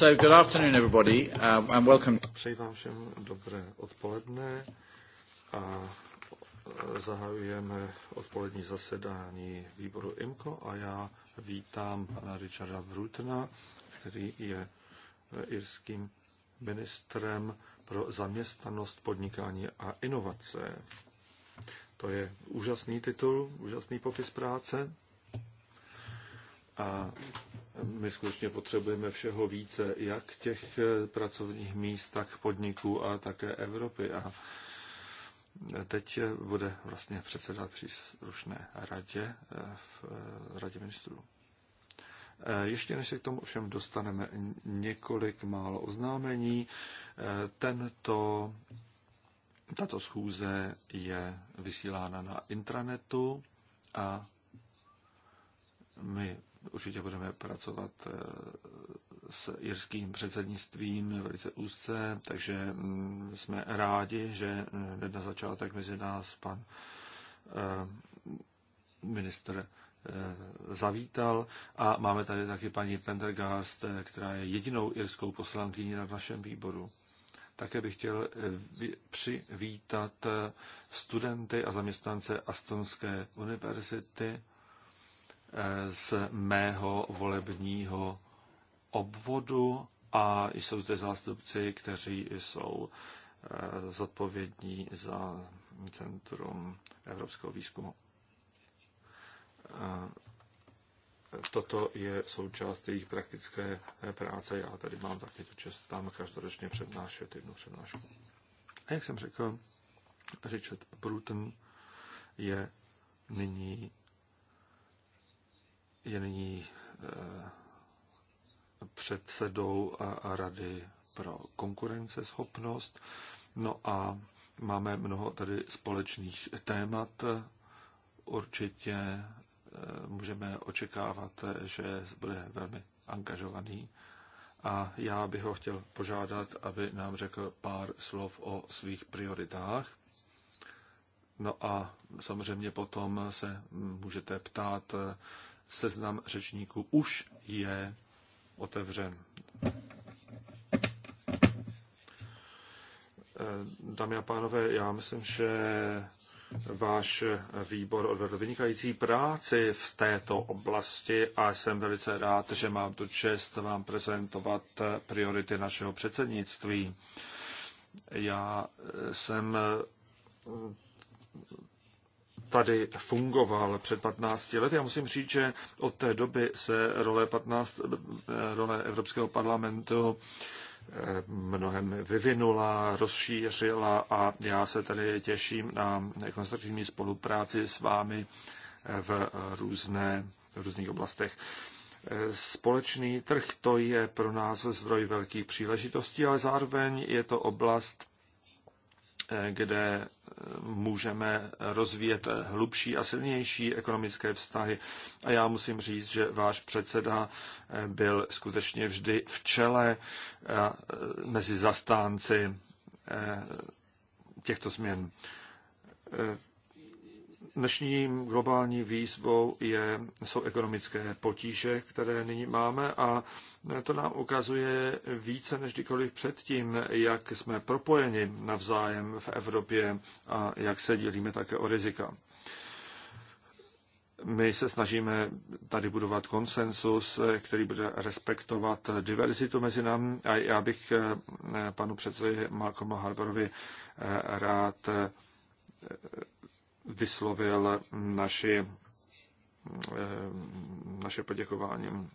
So good afternoon everybody uh, and welcome. Přeji vám všem dobré odpoledne a e, zahajujeme odpolední zasedání výboru IMCO a já vítám pana Richarda Brutna, který je e, irským ministrem pro zaměstnanost, podnikání a inovace. To je úžasný titul, úžasný popis práce. A my skutečně potřebujeme všeho více, jak těch eh, pracovních míst, tak podniků a také Evropy. A teď eh, bude vlastně předsedat příslušné radě eh, v radě ministrů. Ještě než se k tomu všem dostaneme několik málo oznámení. Tento, tato schůze je vysílána na intranetu a my určitě budeme pracovat eh, s jirským předsednictvím velice úzce, takže mm, jsme rádi, že eh, hned na začátek mezi nás pan eh, minister zavítal a máme tady taky paní Pendergast, která je jedinou irskou poslankyní na našem výboru. Také bych chtěl přivítat studenty a zaměstnance Astonské univerzity, z mého volebního obvodu a jsou zde zástupci, kteří jsou eh, zodpovědní za Centrum evropského výzkumu. Eh, toto je součást jejich praktické eh, práce. Já tady mám taky tu čest tam každoročně přednášet jednu přednášku. A jak jsem řekl, Richard Bruton je nyní je nyní eh, předsedou Rady pro konkurenceschopnost. No a máme mnoho tady společných témat. Určitě eh, můžeme očekávat, že bude velmi angažovaný. A já bych ho chtěl požádat, aby nám řekl pár slov o svých prioritách. No a samozřejmě potom se můžete ptát seznam řečníků už je otevřen. Eh, dámy a pánové, já myslím, že váš výbor odvedl vynikající práci v této oblasti a jsem velice rád, že mám tu čest vám prezentovat priority našeho předsednictví. Já jsem tady fungoval před 15 lety. Já musím říct, že od té doby se role, 15, role Evropského parlamentu eh, mnohem vyvinula, rozšířila a já se tady těším na konstruktivní spolupráci s vámi eh, v, různé, v různých oblastech. Eh, společný trh to je pro nás zdroj velkých příležitostí, ale zároveň je to oblast, kde můžeme rozvíjet hlubší a silnější ekonomické vztahy. A já musím říct, že váš předseda byl skutečně vždy v čele eh, mezi zastánci eh, těchto změn. Eh, dnešní globální výzvou je, jsou ekonomické potíže, které nyní máme a to nám ukazuje více než kdykoliv předtím, jak jsme propojeni navzájem v Evropě a jak se dělíme také o rizika. My se snažíme tady budovat konsensus, který bude respektovat diverzitu mezi námi a já bych eh, panu předsedovi Malcolmu Harborovi eh, rád eh, vyslovil naši, eh, naše poděkování.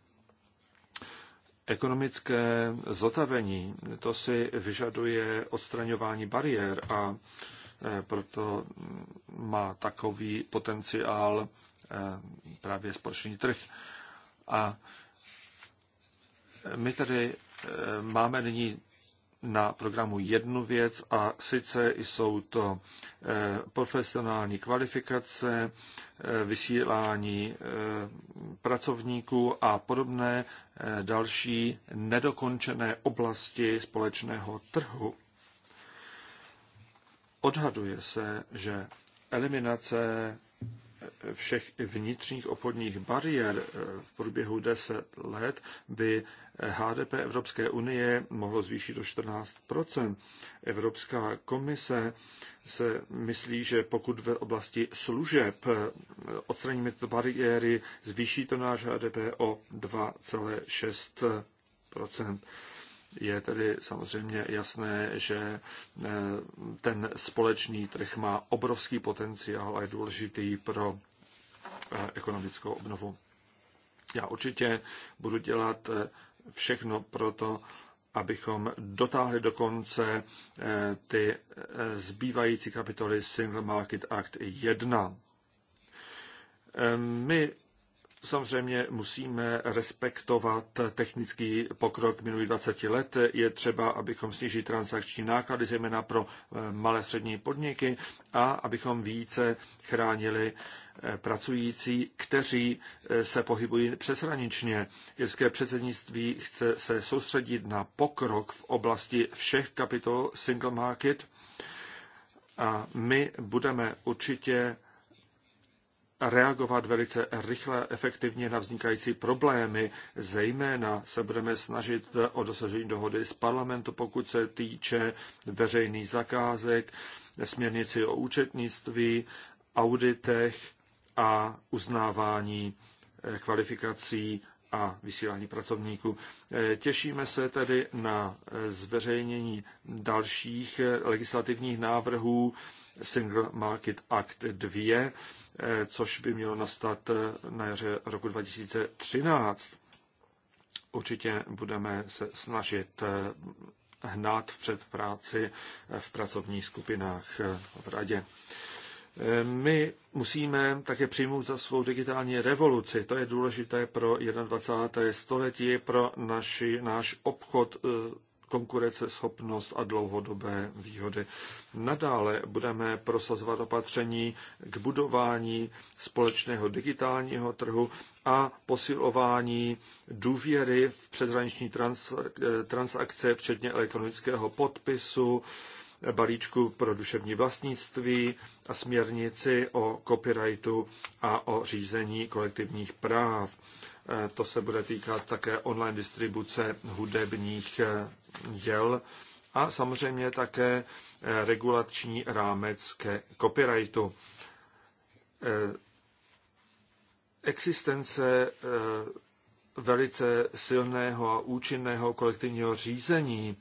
Ekonomické zotavení, to si vyžaduje odstraňování bariér a eh, proto má takový potenciál eh, právě společný trh. A my tady máme nyní na programu jednu věc a sice jsou to eh, profesionální kvalifikace, eh, vysílání eh, pracovníků a podobné další nedokončené oblasti společného trhu. Odhaduje se, že eliminace všech vnitřních obchodních bariér eh, v průběhu 10 let by HDP Evropské unie mohlo zvýšit do 14 Evropská komise se myslí, že pokud ve oblasti služeb eh, odstraníme tyto bariéry, zvýší to náš HDP o 2,6 je tedy samozřejmě jasné, že eh, ten společný trh má obrovský potenciál a je důležitý pro eh, ekonomickou obnovu. Já určitě budu dělat eh, všechno pro to, abychom dotáhli do konce ty zbývající kapitoly Single Market Act 1. Ehm, my Samozřejmě musíme respektovat technický pokrok minulých 20 let. Je třeba, abychom snížili transakční náklady, zejména pro eh, malé střední podniky a abychom více chránili eh, pracující, kteří eh, se pohybují přeshraničně. Jirské předsednictví chce se soustředit na pokrok v oblasti všech kapitol Single Market a my budeme určitě reagovat velice rychle, efektivně na vznikající problémy. Zejména se budeme snažit o dosažení dohody s parlamentu, pokud se týče veřejných zakázek, směrnici o účetnictví, auditech a uznávání eh, kvalifikací a vysílání pracovníků. Eh, těšíme se tedy na eh, zveřejnění dalších legislativních návrhů Single Market Act 2, eh, což by mělo nastat eh, na jaře roku 2013. Určitě budeme se snažit eh, hnát před práci v pracovních skupinách v radě. My musíme také přijmout za svou digitální revoluci. To je důležité pro 21. století, pro naši, náš obchod konkurenceschopnost a dlouhodobé výhody. Nadále budeme prosazovat opatření k budování společného digitálního trhu a posilování důvěry v přeshraniční trans, transakce, včetně elektronického podpisu, balíčku pro duševní vlastnictví a směrnici o copyrightu a o řízení kolektivních práv. E, to se bude týkat také online distribuce hudebních e, děl a samozřejmě také eh, regulační rámec ke copyrightu. Eh, existence eh, velice silného a účinného kolektivního řízení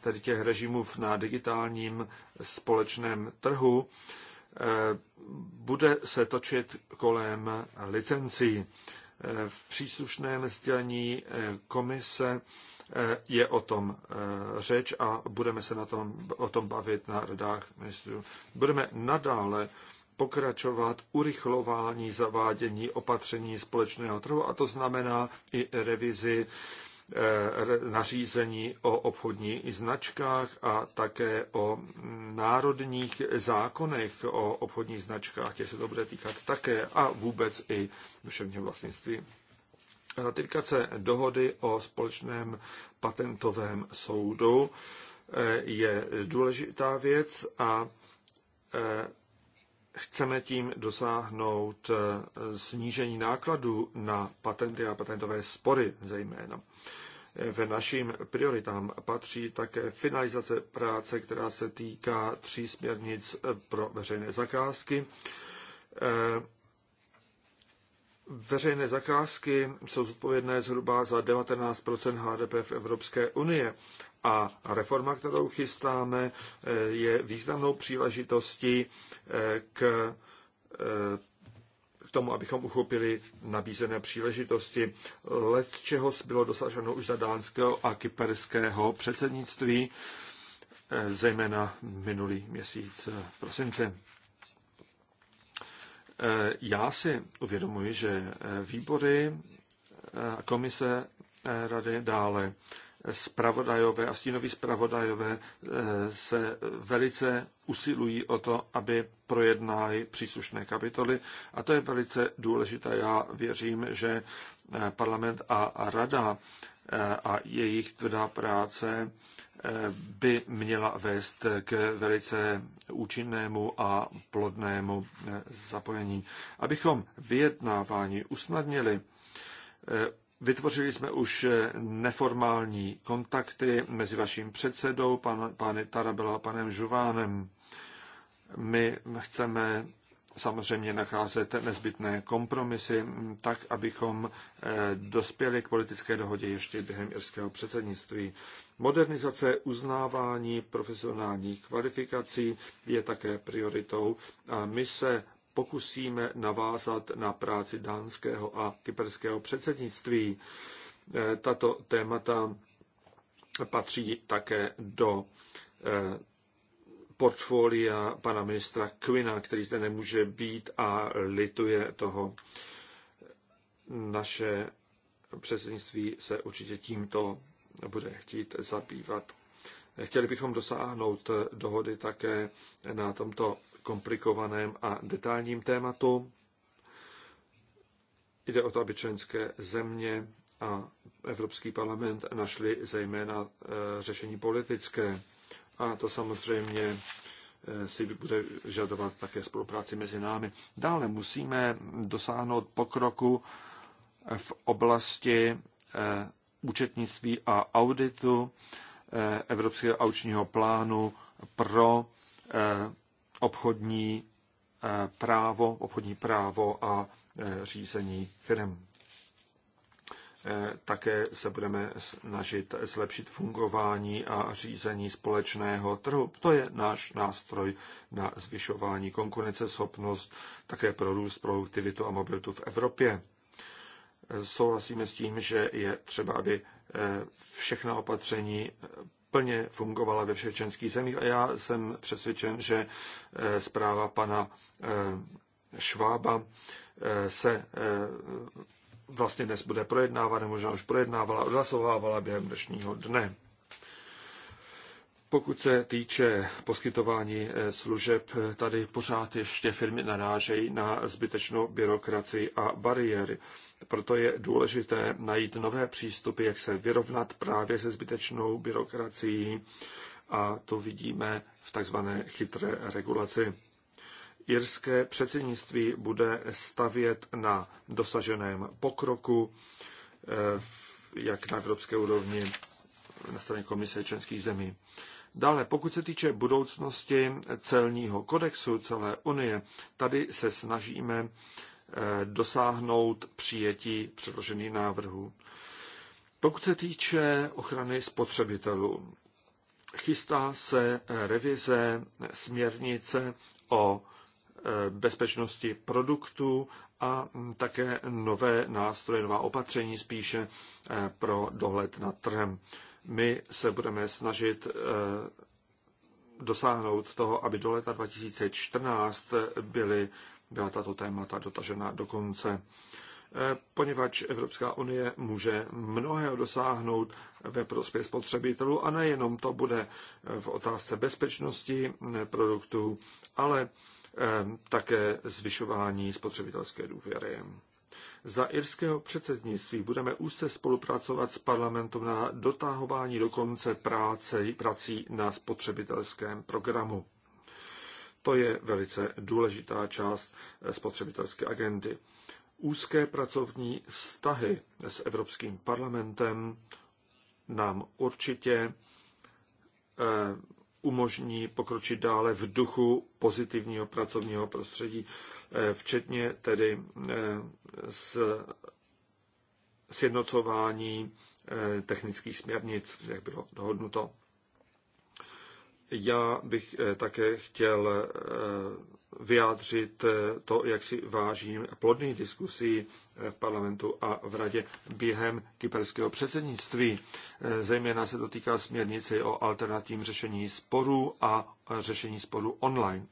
tedy těch režimů na digitálním společném trhu bude se točit kolem licencí. V příslušném sdělení komise Eh, je o tom eh, řeč a budeme se na tom, o tom bavit na radách ministrů. Budeme nadále pokračovat urychlování zavádění opatření společného trhu a to znamená i revizi eh, nařízení o obchodních značkách a také o národních zákonech o obchodních značkách, těch se to bude týkat také a vůbec i duševního vlastnictví. Ratifikace dohody o společném patentovém soudu eh, je důležitá věc a eh, chceme tím dosáhnout eh, snížení nákladů na patenty a patentové spory zejména. Ve našim prioritám patří také finalizace práce, která se týká tří směrnic pro veřejné zakázky, Veřejné zakázky jsou zodpovědné zhruba za 19 HDP v Evropské unie a reforma, kterou chystáme, eh, je významnou příležitostí eh, k, eh, k tomu, abychom uchopili nabízené příležitosti. Let čeho bylo dosaženo už za dánského a kyperského předsednictví, zejména minulý měsíc v prosince. Eh, já si uvědomuji, že eh, výbory, eh, komise rady dále spravodajové a stínoví spravodajové se velice usilují o to, aby projednali příslušné kapitoly a to je velice důležité. Já věřím, že parlament a rada a jejich tvrdá práce by měla vést k velice účinnému a plodnému eh, zapojení. Abychom vyjednávání usnadnili, eh, Vytvořili jsme už eh, neformální kontakty mezi vaším předsedou, pan, pány Tarabela a panem Žuvánem. My chceme samozřejmě nacházet nezbytné kompromisy, tak abychom eh, dospěli k politické dohodě ještě během irského předsednictví. Modernizace uznávání profesionálních kvalifikací je také prioritou a my se pokusíme navázat na práci dánského a kyperského předsednictví. Eh, tato témata patří také do eh, portfolia pana ministra Quina, který zde nemůže být a lituje toho. Naše předsednictví se určitě tímto bude chtít zabývat. Chtěli bychom dosáhnout dohody také na tomto komplikovaném a detailním tématu. Jde o to, aby členské země a Evropský parlament našli zejména eh, řešení politické a to samozřejmě eh, si bude žadovat také spolupráci mezi námi. Dále musíme dosáhnout pokroku v oblasti eh, účetnictví a auditu eh, Evropského aučního plánu pro obchodní právo, obchodní právo a řízení firm. Eh, také se budeme snažit zlepšit fungování a řízení společného trhu. To je náš nástroj na zvyšování konkurenceschopnost, také pro růst, produktivitu a mobilitu v Evropě. Eh, souhlasíme s tím, že je třeba, aby eh, všechna opatření plně fungovala ve všech členských zemích a já jsem přesvědčen, že zpráva pana Švába se vlastně dnes bude projednávat, možná už projednávala, odhlasovávala během dnešního dne. Pokud se týče poskytování eh, služeb, eh, tady pořád ještě firmy narážejí na zbytečnou byrokracii a bariéry. Proto je důležité najít nové přístupy, jak se vyrovnat právě se zbytečnou byrokracií a to vidíme v takzvané chytré regulaci. Irské předsednictví bude stavět na dosaženém pokroku, eh, jak na evropské úrovni, na straně komise členských zemí. Dále, pokud se týče budoucnosti celního kodexu celé Unie, tady se snažíme eh, dosáhnout přijetí předložených návrhů. Pokud se týče ochrany spotřebitelů, chystá se eh, revize směrnice o Eh, bezpečnosti produktů a mm, také nové nástroje, nová opatření spíše eh, pro dohled nad trhem. My se budeme snažit eh, dosáhnout toho, aby do leta 2014 byly, byla tato témata dotažena do konce poněvadž Evropská unie může mnohého dosáhnout ve prospěch spotřebitelů a nejenom to bude v otázce bezpečnosti produktů, ale Ehm, také zvyšování spotřebitelské důvěry. Za irského předsednictví budeme úzce spolupracovat s parlamentem na dotáhování do konce práce, prací na spotřebitelském programu. To je velice důležitá část eh, spotřebitelské agendy. Úzké pracovní vztahy s Evropským parlamentem nám určitě eh, umožní pokročit dále v duchu pozitivního pracovního prostředí, eh, včetně tedy eh, s sjednocování eh, technických směrnic, jak bylo dohodnuto. Já bych také chtěl vyjádřit eh, to, jak si vážím plodných diskusí eh, v parlamentu a v radě během kyperského předsednictví. Eh, zejména se dotýká směrnice o alternativním řešení sporů a řešení sporů online.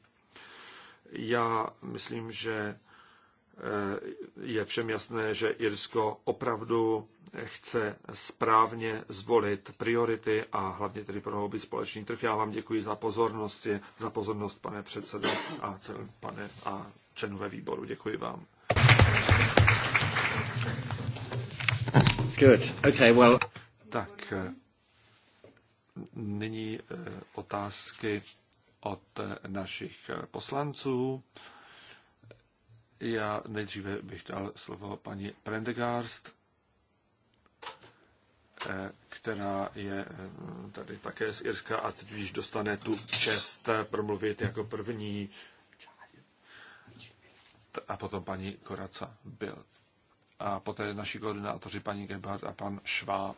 Já myslím, že je všem jasné, že Irsko opravdu chce správně zvolit priority a hlavně tedy prohloubit společný trh. Já vám děkuji za pozornost, za pozornost pane předsedo a celý pane a členové výboru. Děkuji vám. Good. Okay, well... Tak nyní eh, otázky od eh, našich eh, poslanců. Já nejdříve bych dal slovo paní Prendegarst, eh, která je eh, tady také z Irska a teď již dostane tu čest eh, promluvit jako první. A potom paní Koraca byl. A poté naši koordinátoři paní Gebhardt a pan Šváb.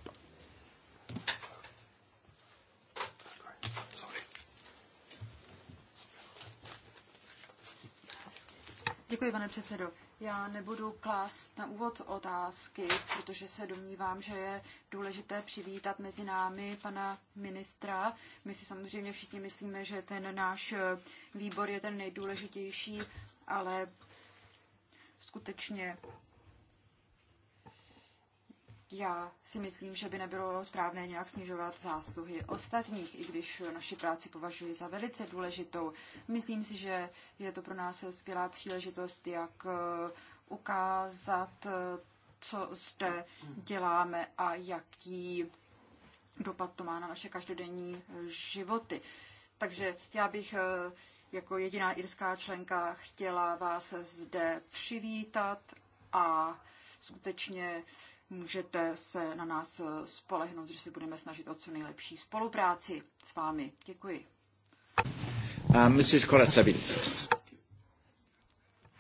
Děkuji, pane předsedo. Já nebudu klást na úvod otázky, protože se domnívám, že je důležité přivítat mezi námi pana ministra. My si samozřejmě všichni myslíme, že ten náš výbor je ten nejdůležitější, ale skutečně já si myslím, že by nebylo správné nějak snižovat zásluhy ostatních, i když naši práci považuji za velice důležitou. Myslím si, že je to pro nás skvělá příležitost, jak eh, ukázat, eh, co zde děláme a jaký dopad to má na naše každodenní eh, životy. Takže já bych jako jediná irská členka chtěla vás zde přivítat a skutečně můžete se na nás spolehnout, že se budeme snažit o co nejlepší spolupráci s vámi. Děkuji.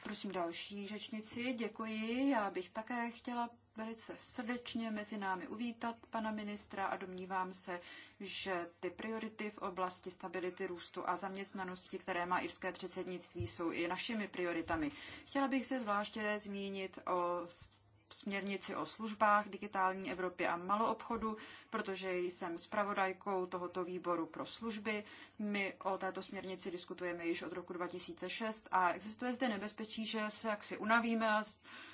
Prosím další řečnici, děkuji. Já bych také chtěla velice srdečně mezi námi uvítat pana ministra a domnívám se, že ty priority v oblasti stability růstu a zaměstnanosti, které má irské předsednictví, jsou i našimi prioritami. Chtěla bych se zvláště zmínit o směrnici o službách, digitální Evropě a maloobchodu, protože jsem zpravodajkou tohoto výboru pro služby. My o této směrnici diskutujeme již od roku 2006 a existuje zde nebezpečí, že se jaksi unavíme a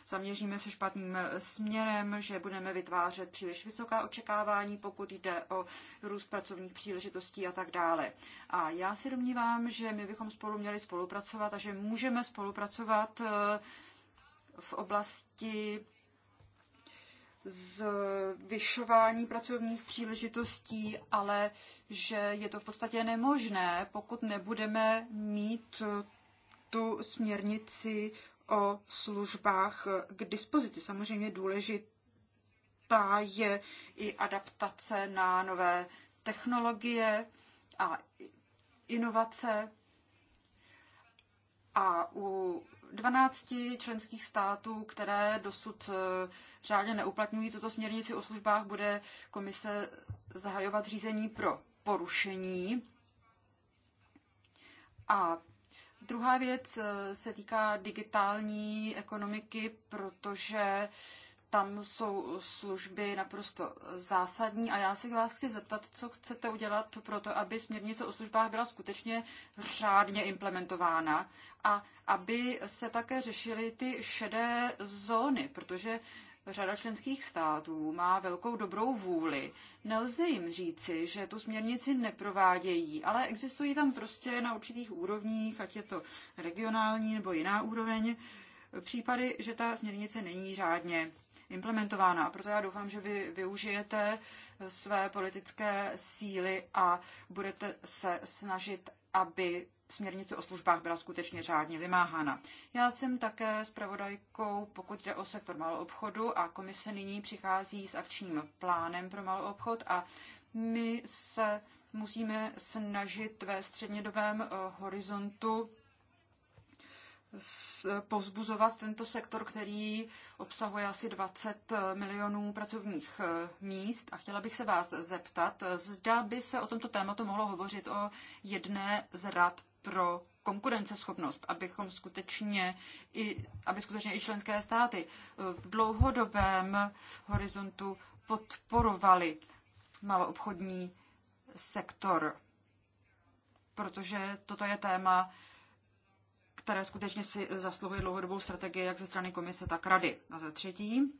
zaměříme se špatným směrem, že budeme vytvářet příliš vysoká očekávání, pokud jde o růst pracovních příležitostí a tak dále. A já si domnívám, že my bychom spolu měli spolupracovat a že můžeme spolupracovat eh, v oblasti zvyšování pracovních příležitostí, ale že je to v podstatě nemožné, pokud nebudeme mít tu směrnici o službách k dispozici. Samozřejmě důležitá je i adaptace na nové technologie a inovace. A u 12 členských států, které dosud eh, řádně neuplatňují tuto směrnici o službách, bude komise zahajovat řízení pro porušení. A druhá věc eh, se týká digitální ekonomiky, protože tam jsou služby naprosto zásadní a já se vás chci zeptat, co chcete udělat pro to, aby směrnice o službách byla skutečně řádně implementována a aby se také řešily ty šedé zóny, protože řada členských států má velkou dobrou vůli. Nelze jim říci, že tu směrnici neprovádějí, ale existují tam prostě na určitých úrovních, ať je to regionální nebo jiná úroveň, případy, že ta směrnice není řádně implementována. A proto já doufám, že vy využijete eh, své politické síly a budete se snažit, aby směrnice o službách byla skutečně řádně vymáhána. Já jsem také zpravodajkou, pokud jde o sektor malou obchodu a komise nyní přichází s akčním plánem pro malou obchod a my se musíme snažit ve střednědobém eh, horizontu Eh, povzbuzovat tento sektor, který obsahuje asi 20 eh, milionů pracovních eh, míst. A chtěla bych se vás zeptat, zda by se o tomto tématu mohlo hovořit o jedné z rad pro konkurenceschopnost, abychom skutečně i, aby skutečně i členské státy v dlouhodobém horizontu podporovali maloobchodní sektor, protože toto je téma, které skutečně si zasluhuje dlouhodobou strategii jak ze strany komise, tak rady. A za třetí,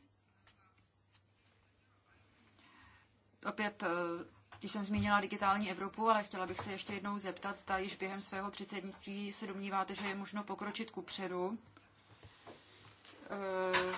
opět eh, když jsem zmínila digitální Evropu, ale chtěla bych se ještě jednou zeptat, zda již během svého předsednictví se domníváte, že je možno pokročit ku předu eh,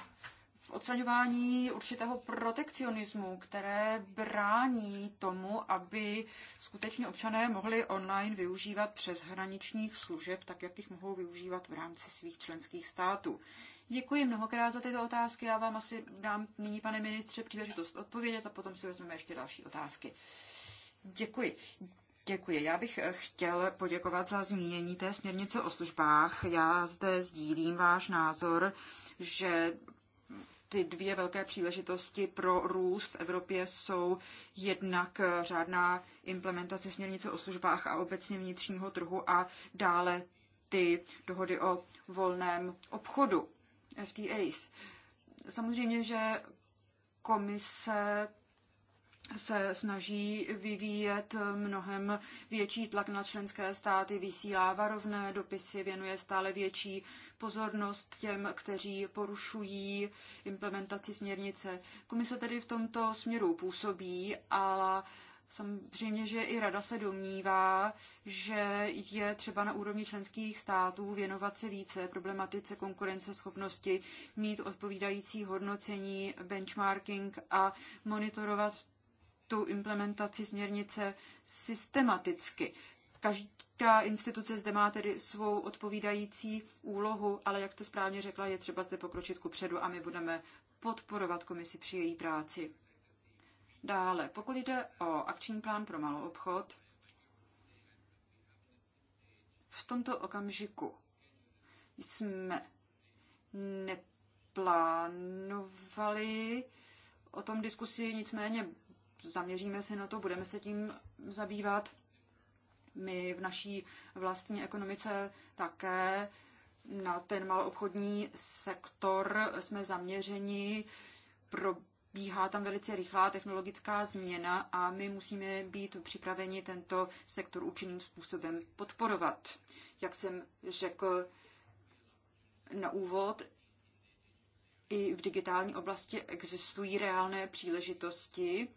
v odstraňování určitého protekcionismu, které brání tomu, aby skutečně občané mohli online využívat přeshraničních služeb, tak jak jich mohou využívat v rámci svých členských států. Děkuji mnohokrát za tyto otázky. Já vám asi dám nyní, pane ministře, příležitost odpovědět a potom si vezmeme ještě další otázky. Děkuji. Děkuji. Já bych chtěl poděkovat za zmínění té směrnice o službách. Já zde sdílím váš názor, že ty dvě velké příležitosti pro růst v Evropě jsou jednak řádná implementace směrnice o službách a obecně vnitřního trhu a dále ty dohody o volném obchodu, FTAs. Samozřejmě, že komise se snaží vyvíjet mnohem větší tlak na členské státy, vysílá varovné dopisy, věnuje stále větší pozornost těm, kteří porušují implementaci směrnice. Komise tedy v tomto směru působí, ale Samozřejmě, že i rada se domnívá, že je třeba na úrovni členských států věnovat se více problematice konkurenceschopnosti, mít odpovídající hodnocení, benchmarking a monitorovat tu implementaci směrnice systematicky. Každá instituce zde má tedy svou odpovídající úlohu, ale jak jste správně řekla, je třeba zde pokročit ku předu a my budeme podporovat komisi při její práci. Dále, pokud jde o akční plán pro malou obchod, v tomto okamžiku jsme neplánovali o tom diskusi, nicméně zaměříme se na to, budeme se tím zabývat my v naší vlastní ekonomice také na ten maloobchodní sektor jsme zaměřeni, probíhá tam velice rychlá technologická změna a my musíme být připraveni tento sektor účinným způsobem podporovat. Jak jsem řekl na úvod, i v digitální oblasti existují reálné příležitosti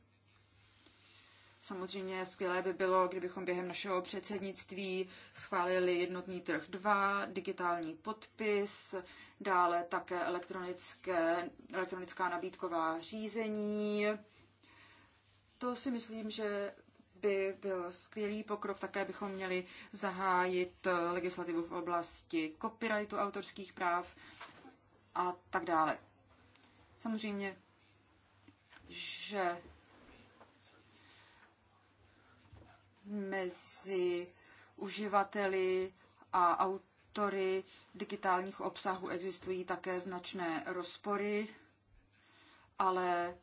Samozřejmě skvělé by bylo, kdybychom během našeho předsednictví schválili jednotný trh 2, digitální podpis, dále také elektronické, elektronická nabídková řízení. To si myslím, že by byl skvělý pokrok. Také bychom měli zahájit legislativu v oblasti copyrightu autorských práv a tak dále. Samozřejmě, že mezi uživateli a autory digitálních obsahů existují také značné rozpory, ale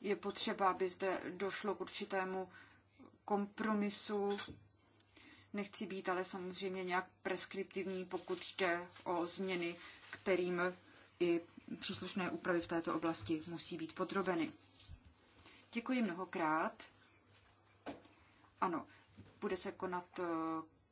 je potřeba, aby zde došlo k určitému kompromisu. Nechci být ale samozřejmě nějak preskriptivní, pokud jde o změny, kterým i příslušné úpravy v této oblasti musí být podrobeny. Děkuji mnohokrát. Ano, bude se konat eh,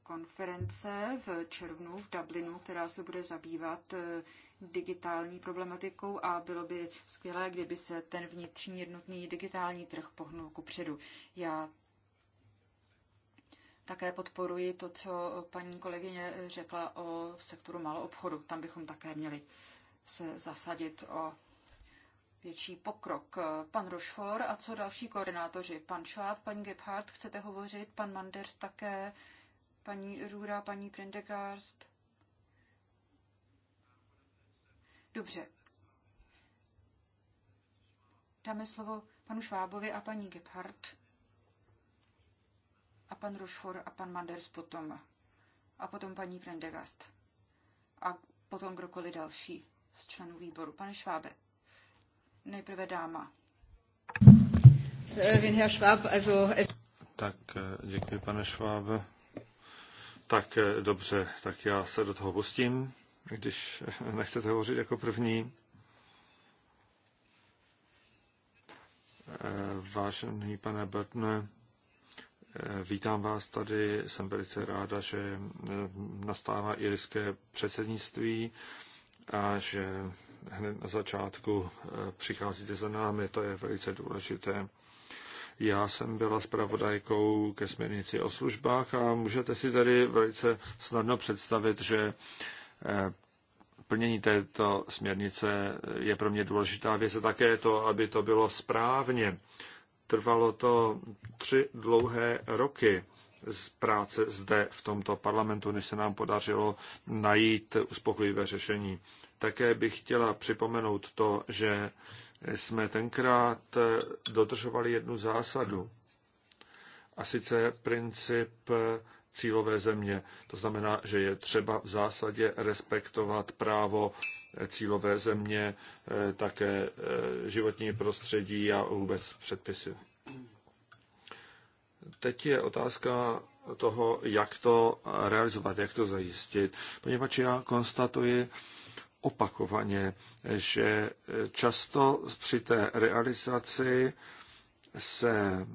konference v červnu v Dublinu, která se bude zabývat eh, digitální problematikou a bylo by skvělé, kdyby se ten vnitřní jednotný digitální trh pohnul ku předu. Já také podporuji to, co paní kolegyně eh, řekla o sektoru malou obchodu. Tam bychom také měli se zasadit o větší pokrok. Pan Rochefort a co další koordinátoři? Pan Schwab, paní Gebhardt, chcete hovořit? Pan Manders také? Paní Rura, paní Prendegast? Dobře. Dáme slovo panu Švábovi a paní Gebhardt a pan Rochefort a pan Manders potom a potom paní Prendegast a potom kdokoliv další z členů výboru. Pane Švábe. Nejprve dáma. Tak eh, děkuji, pane Šváb. Tak eh, dobře, tak já se do toho pustím, když nechcete hovořit jako první. Eh, vážený pane Bertne, vítám vás tady. Jsem velice ráda, že nastává irské předsednictví a že hned na začátku eh, přicházíte za námi, to je velice důležité. Já jsem byla zpravodajkou ke směrnici o službách a můžete si tady velice snadno představit, že eh, plnění této směrnice je pro mě důležitá věc a také to, aby to bylo správně. Trvalo to tři dlouhé roky z práce zde v tomto parlamentu, než se nám podařilo najít uspokojivé řešení. Také bych chtěla připomenout to, že jsme tenkrát dodržovali jednu zásadu, a sice princip cílové země. To znamená, že je třeba v zásadě respektovat právo cílové země, eh, také eh, životní prostředí a vůbec předpisy. Teď je otázka toho, jak to realizovat, jak to zajistit, poněvadž já konstatuji, opakovaně, že často při té realizaci se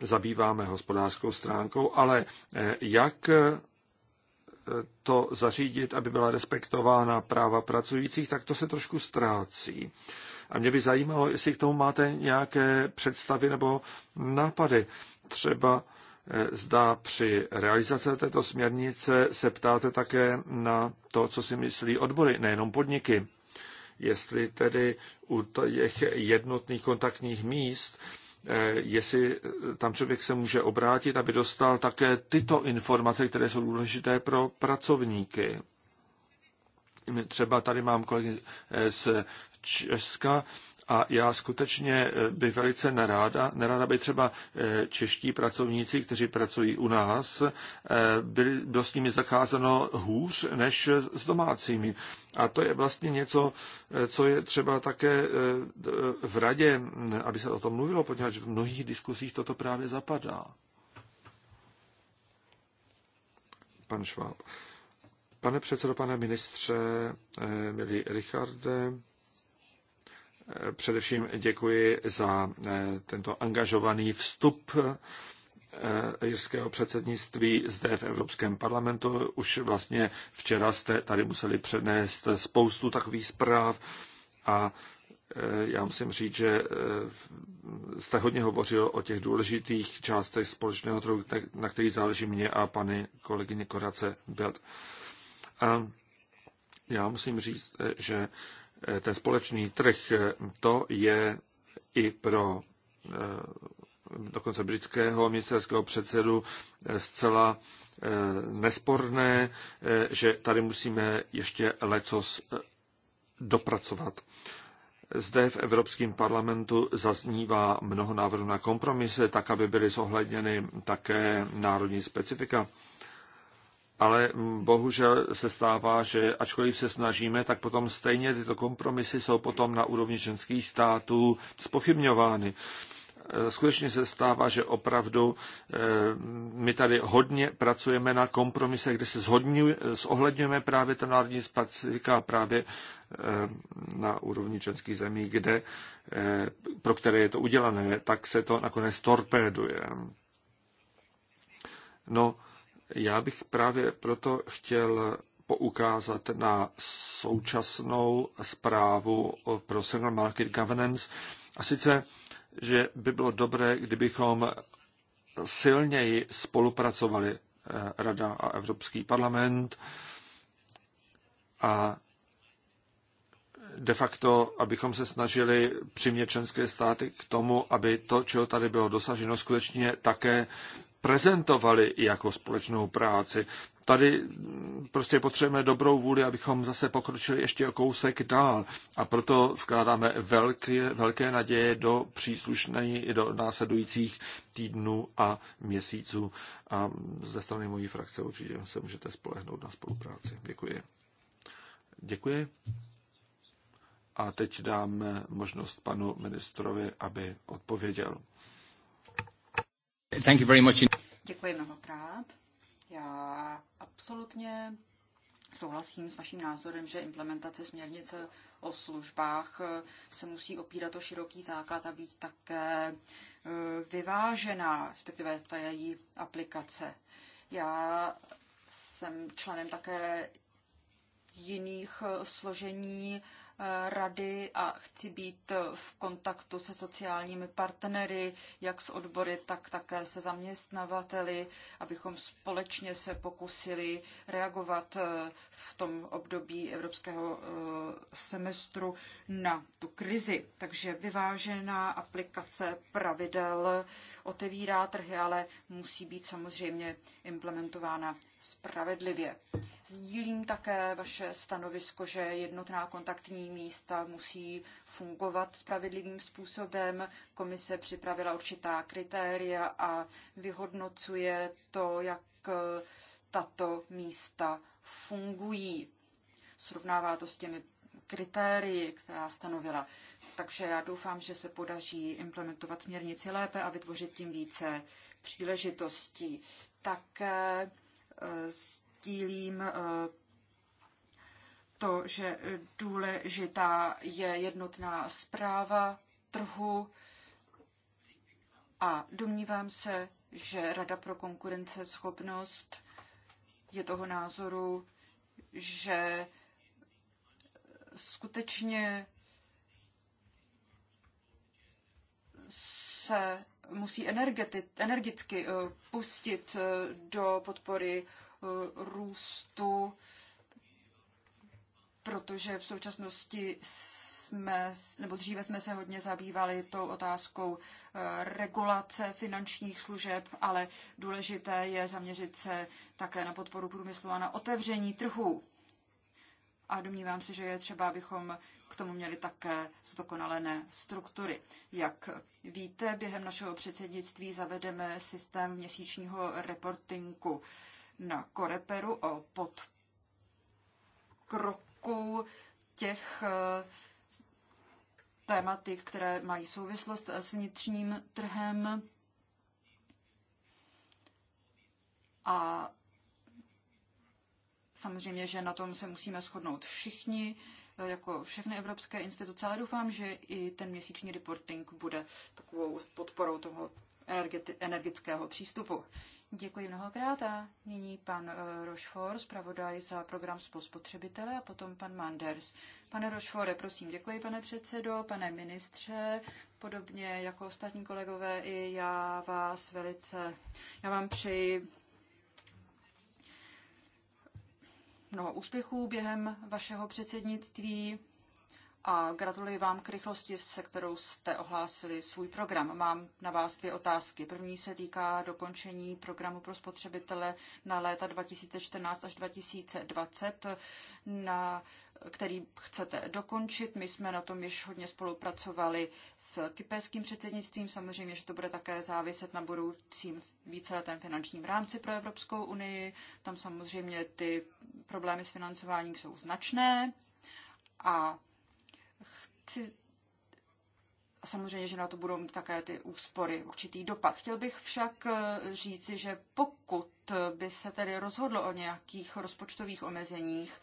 zabýváme hospodářskou stránkou, ale eh, jak eh, to zařídit, aby byla respektována práva pracujících, tak to se trošku ztrácí. A mě by zajímalo, jestli k tomu máte nějaké představy nebo nápady. Třeba Eh, zda při realizaci této směrnice se ptáte také na to, co si myslí odbory, nejenom podniky. Jestli tedy u těch jednotných kontaktních míst, eh, jestli tam člověk se může obrátit, aby dostal také tyto informace, které jsou důležité pro pracovníky. Třeba tady mám kolegy eh, z Česka, a já skutečně eh, bych velice neráda, neráda by třeba eh, čeští pracovníci, kteří pracují u nás, eh, byli, bylo s nimi zacházeno hůř než s domácími. A to je vlastně něco, co je třeba také v radě, aby se o tom mluvilo, poněvadž v mnohých diskusích toto právě zapadá. Pan Šváb. Pane předsedo, pane ministře, milý Richarde, Především děkuji za eh, tento angažovaný vstup eh, jirského předsednictví zde v Evropském parlamentu. Už vlastně včera jste tady museli přednést spoustu takových zpráv a eh, já musím říct, že jste hodně hovořil o těch důležitých částech společného trhu, na který záleží mě a pany kolegyně Korace Belt. A já musím říct, že Eh, ten společný trh, eh, to je i pro eh, dokonce britského ministerského předsedu zcela nesporné, že tady musíme ještě lecos dopracovat. Zde v Evropském parlamentu zaznívá mnoho návrhů na kompromisy, tak aby byly zohledněny také národní specifika ale bohužel se stává, že ačkoliv se snažíme, tak potom stejně tyto kompromisy jsou potom na úrovni členských států spochybňovány. E, skutečně se stává, že opravdu e, my tady hodně pracujeme na kompromise, kde se zohledňujeme právě ten národní specifika právě e, na úrovni členských zemí, kde, pro které je to udělané, tak se to nakonec torpéduje. No, já bych právě proto chtěl poukázat na současnou zprávu pro Single Market Governance. A sice, že by bylo dobré, kdybychom silněji spolupracovali eh, Rada a Evropský parlament a de facto, abychom se snažili přimět členské státy k tomu, aby to, čeho tady bylo dosaženo, skutečně také prezentovali jako společnou práci. Tady prostě potřebujeme dobrou vůli, abychom zase pokročili ještě o kousek dál. A proto vkládáme velké, velké naděje do příslušných, do následujících týdnů a měsíců. A ze strany mojí frakce určitě se můžete spolehnout na spolupráci. Děkuji. Děkuji. A teď dáme možnost panu ministrovi, aby odpověděl. Thank you very much. Děkuji mnohokrát. Já absolutně souhlasím s vaším názorem, že implementace směrnice o službách eh, se musí opírat o široký základ a být také eh, vyvážená, respektive ta její aplikace. Já jsem členem také jiných eh, složení rady a chci být v kontaktu se sociálními partnery, jak s odbory, tak také se zaměstnavateli, abychom společně se pokusili reagovat v tom období evropského eh, semestru na tu krizi. Takže vyvážená aplikace pravidel otevírá trhy, ale musí být samozřejmě implementována spravedlivě. Sdílím také vaše stanovisko, že jednotná kontaktní místa musí fungovat spravedlivým způsobem. Komise připravila určitá kritéria a vyhodnocuje to, jak tato místa fungují. Srovnává to s těmi kritérii, která stanovila. Takže já doufám, že se podaří implementovat směrnici lépe a vytvořit tím více příležitostí. Také eh, sdílím eh, to, že důležitá je jednotná zpráva trhu a domnívám se, že Rada pro konkurenceschopnost je toho názoru, že skutečně se musí energeti, energicky eh, pustit eh, do podpory eh, růstu, protože v současnosti jsme, nebo dříve jsme se hodně zabývali tou otázkou regulace finančních služeb, ale důležité je zaměřit se také na podporu průmyslu a na otevření trhu a domnívám se, že je třeba, abychom k tomu měli také zdokonalené struktury. Jak víte, během našeho předsednictví zavedeme systém měsíčního reportingu na Koreperu o podkroku těch eh, tématik, které mají souvislost s vnitřním trhem. A Samozřejmě, že na tom se musíme shodnout všichni, eh, jako všechny evropské instituce, ale doufám, že i ten měsíční reporting bude takovou podporou toho energetického přístupu. Děkuji mnohokrát a nyní pan eh, Rochefort, zpravodaj za program spotřebitele a potom pan Manders. Pane Rochefore, prosím, děkuji pane předsedo, pane ministře, podobně jako ostatní kolegové i já vás velice, já vám přeji mnoho úspěchů během vašeho předsednictví a gratuluji vám k rychlosti, se kterou jste ohlásili svůj program. Mám na vás dvě otázky. První se týká dokončení programu pro spotřebitele na léta 2014 až 2020. Na který chcete dokončit. My jsme na tom již hodně spolupracovali s kyperským předsednictvím. Samozřejmě, že to bude také záviset na budoucím víceletém finančním rámci pro Evropskou unii. Tam samozřejmě ty problémy s financováním jsou značné a chci a samozřejmě, že na to budou mít také ty úspory určitý dopad. Chtěl bych však eh, říci, že pokud by se tedy rozhodlo o nějakých rozpočtových omezeních,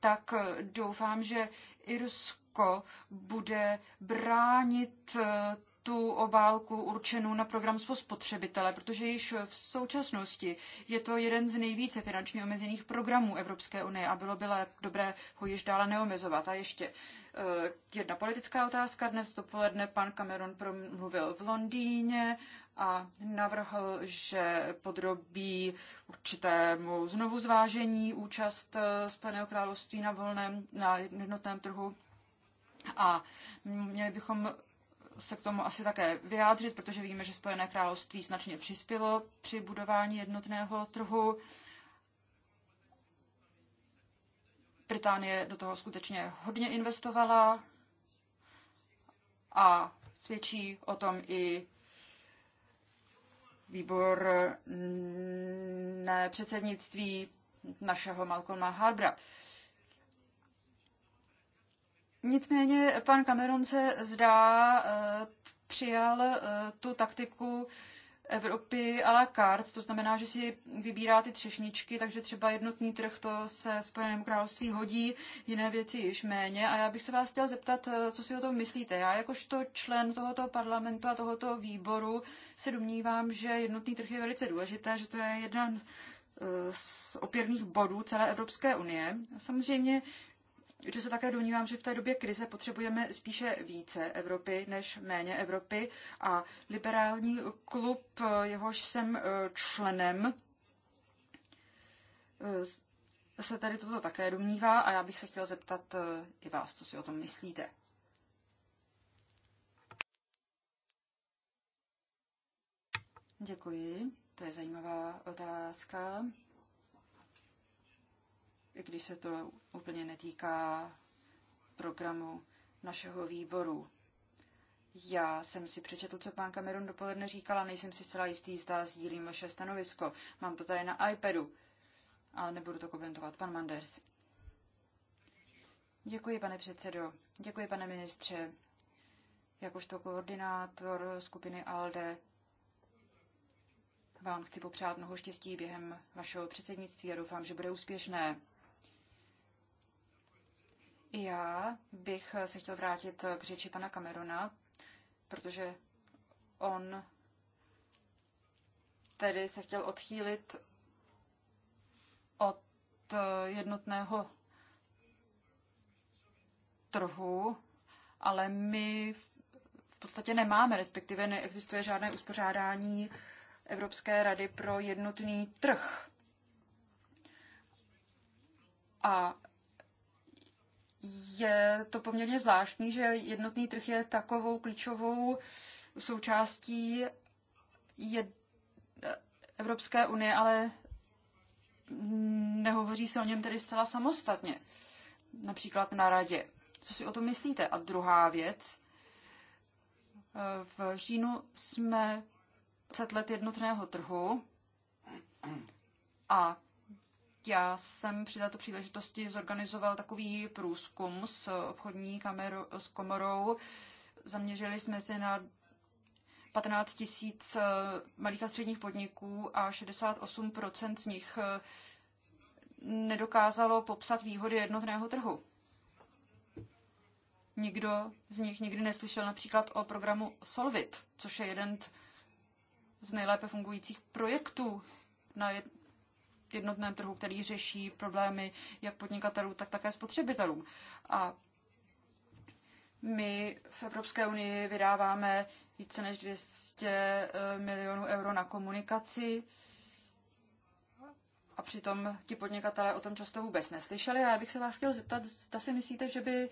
tak eh, doufám, že Irsko bude bránit eh, tu obálku určenou na program spotřebitele, protože již v současnosti je to jeden z nejvíce finančně omezených programů Evropské unie a bylo by dobré ho již dále neomezovat. A ještě eh, jedna politická otázka. Dnes dopoledne pan Cameron promluvil v Londýně a navrhl, že podrobí určitému znovu zvážení účast eh, Spojeného království na volném, na jednotném trhu. A měli bychom se k tomu asi také vyjádřit, protože víme, že Spojené království značně přispělo při budování jednotného trhu. Británie do toho skutečně hodně investovala a svědčí o tom i výbor mm, na předsednictví našeho Malcolma Harbra. Nicméně pan Cameron se zdá eh, přijal eh, tu taktiku Evropy à la carte, to znamená, že si vybírá ty třešničky, takže třeba jednotný trh to se Spojenému království hodí, jiné věci již méně. A já bych se vás chtěla zeptat, eh, co si o tom myslíte. Já jakožto člen tohoto parlamentu a tohoto výboru se domnívám, že jednotný trh je velice důležité, že to je jeden eh, z opěrných bodů celé Evropské unie. Samozřejmě, že se také domnívám, že v té době krize potřebujeme spíše více Evropy než méně Evropy a liberální klub, jehož jsem eh, členem, eh, se tady toto také domnívá a já bych se chtěl zeptat eh, i vás, co si o tom myslíte. Děkuji, to je zajímavá otázka když se to úplně netýká programu našeho výboru. Já jsem si přečetl, co pán Cameron dopoledne říkal, a nejsem si zcela jistý, zda sdílím vaše stanovisko. Mám to tady na iPadu, ale nebudu to komentovat. Pan Manders. Děkuji, pane předsedo. Děkuji, pane ministře. Jakožto koordinátor skupiny ALDE vám chci popřát mnoho štěstí během vašeho předsednictví a doufám, že bude úspěšné. Já bych se chtěl vrátit k řeči pana Camerona, protože on tedy se chtěl odchýlit od jednotného trhu, ale my v podstatě nemáme, respektive neexistuje žádné uspořádání Evropské rady pro jednotný trh. A je to poměrně zvláštní, že jednotný trh je takovou klíčovou součástí jed... Evropské unie, ale nehovoří se o něm tedy zcela samostatně, například na radě. Co si o tom myslíte? A druhá věc, v říjnu jsme 10 let jednotného trhu a já jsem při této příležitosti zorganizoval takový průzkum s obchodní kamerou, s komorou. Zaměřili jsme se na 15 tisíc eh, malých a středních podniků a 68% z nich eh, nedokázalo popsat výhody jednotného trhu. Nikdo z nich nikdy neslyšel například o programu Solvit, což je jeden z nejlépe fungujících projektů na jednotném trhu, který řeší problémy jak podnikatelů, tak také spotřebitelů. A my v Evropské unii vydáváme více než 200 eh, milionů euro na komunikaci a přitom ti podnikatelé o tom často vůbec neslyšeli. A já bych se vás chtěl zeptat, zda si myslíte, že by,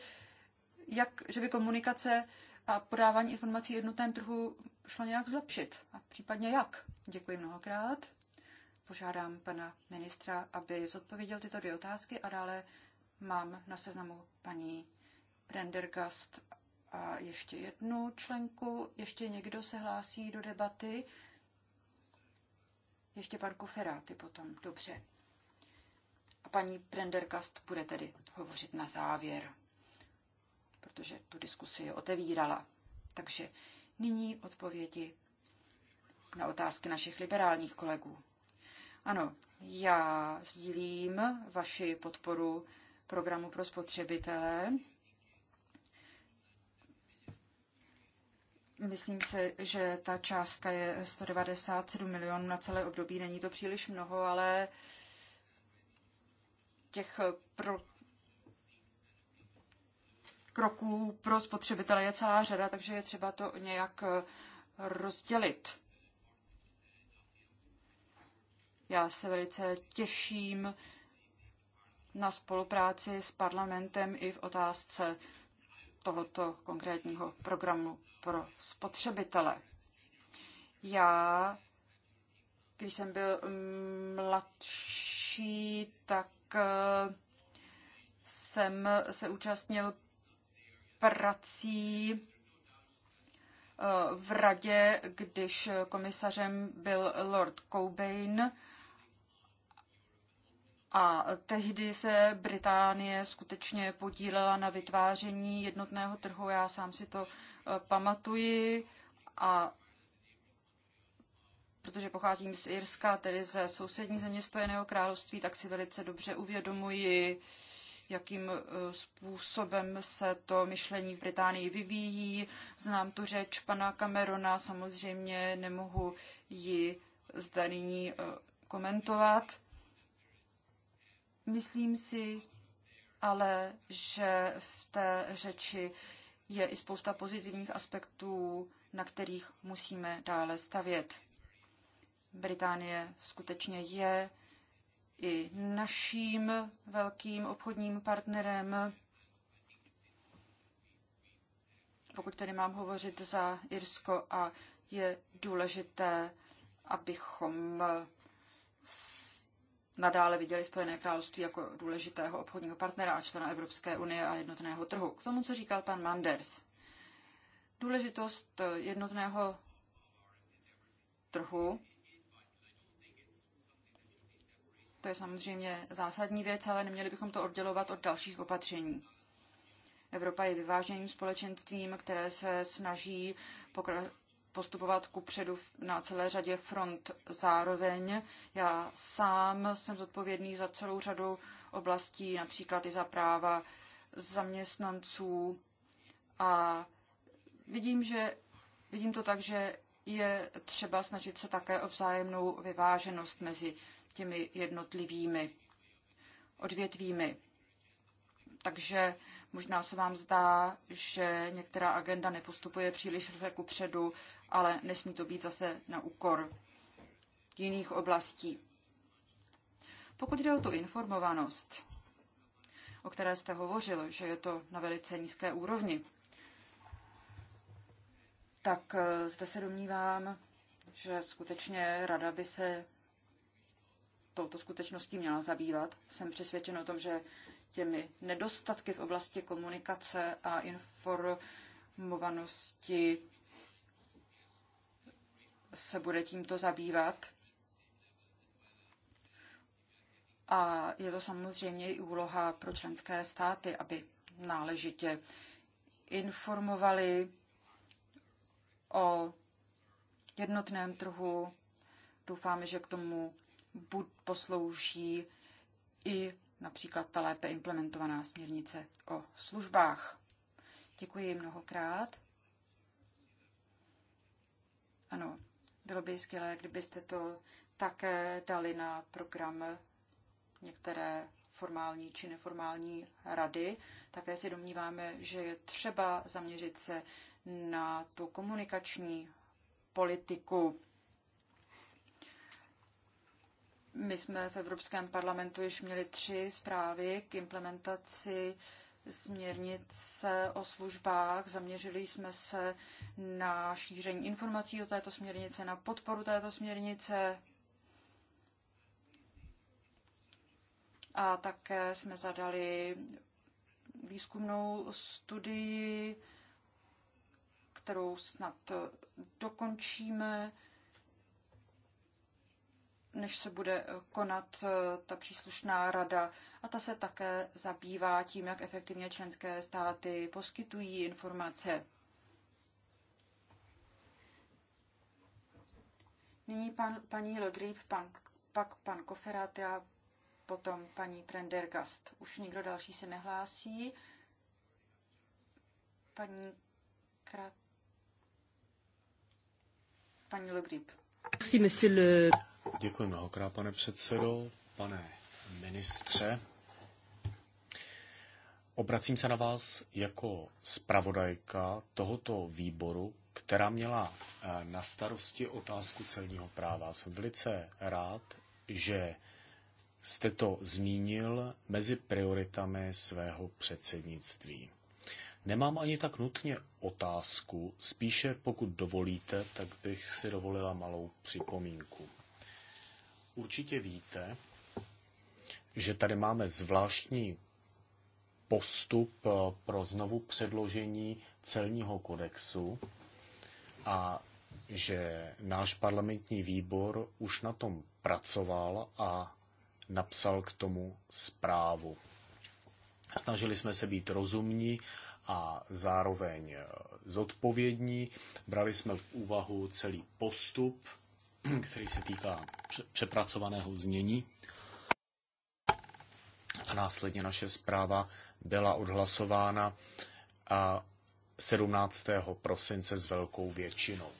jak, že by komunikace a podávání informací jednotném trhu šlo nějak zlepšit? A případně jak? Děkuji mnohokrát požádám pana ministra, aby zodpověděl tyto dvě otázky a dále mám na seznamu paní Prendergast a ještě jednu členku. Ještě někdo se hlásí do debaty? Ještě pan Koferáty potom. Dobře. A paní Prendergast bude tedy hovořit na závěr, protože tu diskusi otevírala. Takže nyní odpovědi na otázky našich liberálních kolegů. Ano, já sdílím vaši podporu programu pro spotřebitele. Myslím si, že ta částka je 197 milionů na celé období. Není to příliš mnoho, ale těch pro... kroků pro spotřebitele je celá řada, takže je třeba to nějak rozdělit. Já se velice těším na spolupráci s parlamentem i v otázce tohoto konkrétního programu pro spotřebitele. Já, když jsem byl mm, mladší, tak eh, jsem se účastnil prací eh, v radě, když komisařem byl Lord Cobain a tehdy se Británie skutečně podílela na vytváření jednotného trhu, já sám si to eh, pamatuji, a protože pocházím z Irska, tedy ze sousední země Spojeného království, tak si velice dobře uvědomuji, jakým eh, způsobem se to myšlení v Británii vyvíjí. Znám tu řeč pana Camerona, samozřejmě nemohu ji zde nyní eh, komentovat. Myslím si ale, že v té řeči je i spousta pozitivních aspektů, na kterých musíme dále stavět. Británie skutečně je i naším velkým obchodním partnerem. Pokud tedy mám hovořit za Irsko a je důležité, abychom nadále viděli Spojené království jako důležitého obchodního partnera a člena Evropské unie a jednotného trhu. K tomu, co říkal pan Manders. Důležitost eh, jednotného trhu, to je samozřejmě zásadní věc, ale neměli bychom to oddělovat od dalších opatření. Evropa je vyváženým společenstvím, které se snaží postupovat ku předu na celé řadě front zároveň. Já sám jsem zodpovědný za celou řadu oblastí, například i za práva zaměstnanců a vidím, že vidím to tak, že je třeba snažit se také o vzájemnou vyváženost mezi těmi jednotlivými odvětvími takže možná se vám zdá, že některá agenda nepostupuje příliš rychle ku předu, ale nesmí to být zase na úkor jiných oblastí. Pokud jde o tu informovanost, o které jste hovořil, že je to na velice nízké úrovni, tak eh, zde se domnívám, že skutečně rada by se touto skutečností měla zabývat. Jsem přesvědčen o tom, že těmi nedostatky v oblasti komunikace a informovanosti se bude tímto zabývat. A je to samozřejmě i úloha pro členské státy, aby náležitě informovali o jednotném trhu. Doufáme, že k tomu poslouží i například ta lépe implementovaná směrnice o službách. Děkuji mnohokrát. Ano, bylo by skvělé, kdybyste to také dali na program některé formální či neformální rady. Také si domníváme, že je třeba zaměřit se na tu komunikační politiku my jsme v Evropském parlamentu již měli tři zprávy k implementaci směrnice o službách. Zaměřili jsme se na šíření informací o této směrnice, na podporu této směrnice. A také jsme zadali výzkumnou studii, kterou snad dokončíme než se bude eh, konat eh, ta příslušná rada. A ta se také zabývá tím, jak efektivně členské státy poskytují informace. Nyní pan, paní Legrip, pan, pak pan Koferát a potom paní Prendergast. Už nikdo další se nehlásí. Paní Krat... Paní Legrip. Merci, monsieur le... Děkuji mnohokrát, pane předsedo, pane ministře. Obracím se na vás jako zpravodajka tohoto výboru, která měla eh, na starosti otázku celního práva. Jsem velice rád, že jste to zmínil mezi prioritami svého předsednictví. Nemám ani tak nutně otázku, spíše pokud dovolíte, tak bych si dovolila malou připomínku. Určitě víte, že tady máme zvláštní postup eh, pro znovu předložení celního kodexu a že náš parlamentní výbor už na tom pracoval a napsal k tomu zprávu. Snažili jsme se být rozumní a zároveň eh, zodpovědní. Brali jsme v úvahu celý postup který se týká přepracovaného znění. A následně naše zpráva byla odhlasována 17. prosince s velkou většinou.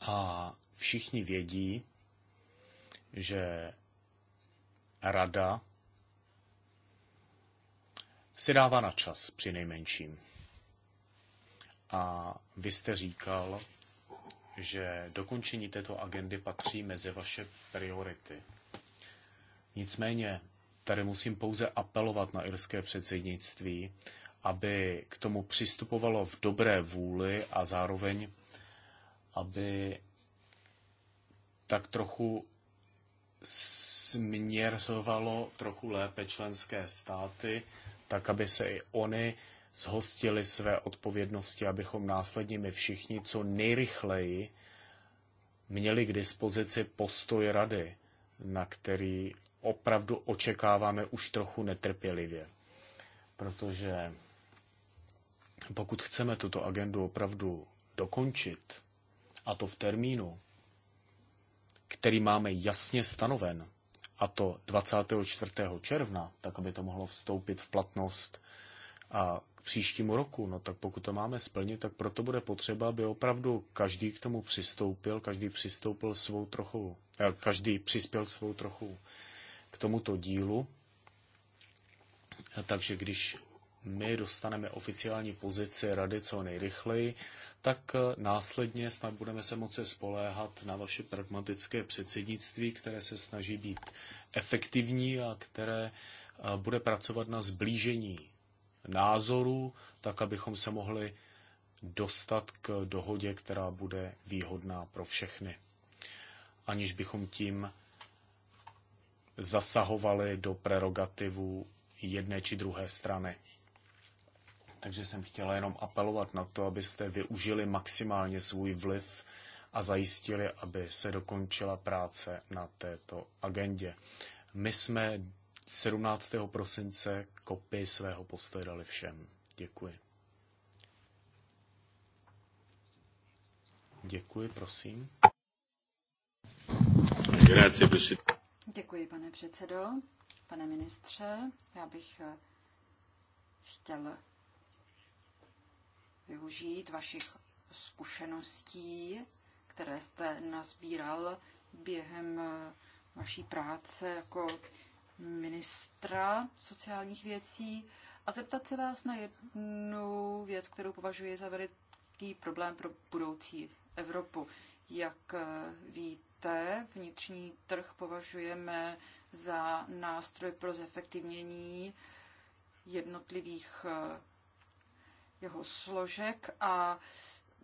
A všichni vědí, že rada si dává na čas při nejmenším. A vy jste říkal, že dokončení této agendy patří mezi vaše priority. Nicméně tady musím pouze apelovat na irské předsednictví, aby k tomu přistupovalo v dobré vůli a zároveň, aby tak trochu směřovalo trochu lépe členské státy, tak aby se i oni zhostili své odpovědnosti, abychom následně my všichni co nejrychleji měli k dispozici postoj rady, na který opravdu očekáváme už trochu netrpělivě. Protože pokud chceme tuto agendu opravdu dokončit, a to v termínu, který máme jasně stanoven, a to 24. června, tak aby to mohlo vstoupit v platnost a příštímu roku. No tak pokud to máme splnit, tak proto bude potřeba, aby opravdu každý k tomu přistoupil, každý přistoupil svou trochu, eh, každý přispěl svou trochu k tomuto dílu. Takže když my dostaneme oficiální pozici rady co nejrychleji, tak eh, následně snad budeme se moci spoléhat na vaše pragmatické předsednictví, které se snaží být efektivní a které eh, bude pracovat na zblížení názorů, tak abychom se mohli dostat k dohodě, která bude výhodná pro všechny, aniž bychom tím zasahovali do prerogativu jedné či druhé strany. Takže jsem chtěla jenom apelovat na to, abyste využili maximálně svůj vliv a zajistili, aby se dokončila práce na této agendě. My jsme 17. prosince kopii svého postoje dali všem. Děkuji. Děkuji, prosím. Děkuji, pane předsedo. Pane ministře, já bych eh, chtěl využít vašich zkušeností, které jste nazbíral během eh, vaší práce jako ministra sociálních věcí a zeptat se vás na jednu věc, kterou považuji za veliký problém pro budoucí Evropu. Jak eh, víte, vnitřní trh považujeme za nástroj pro zefektivnění jednotlivých eh, jeho složek a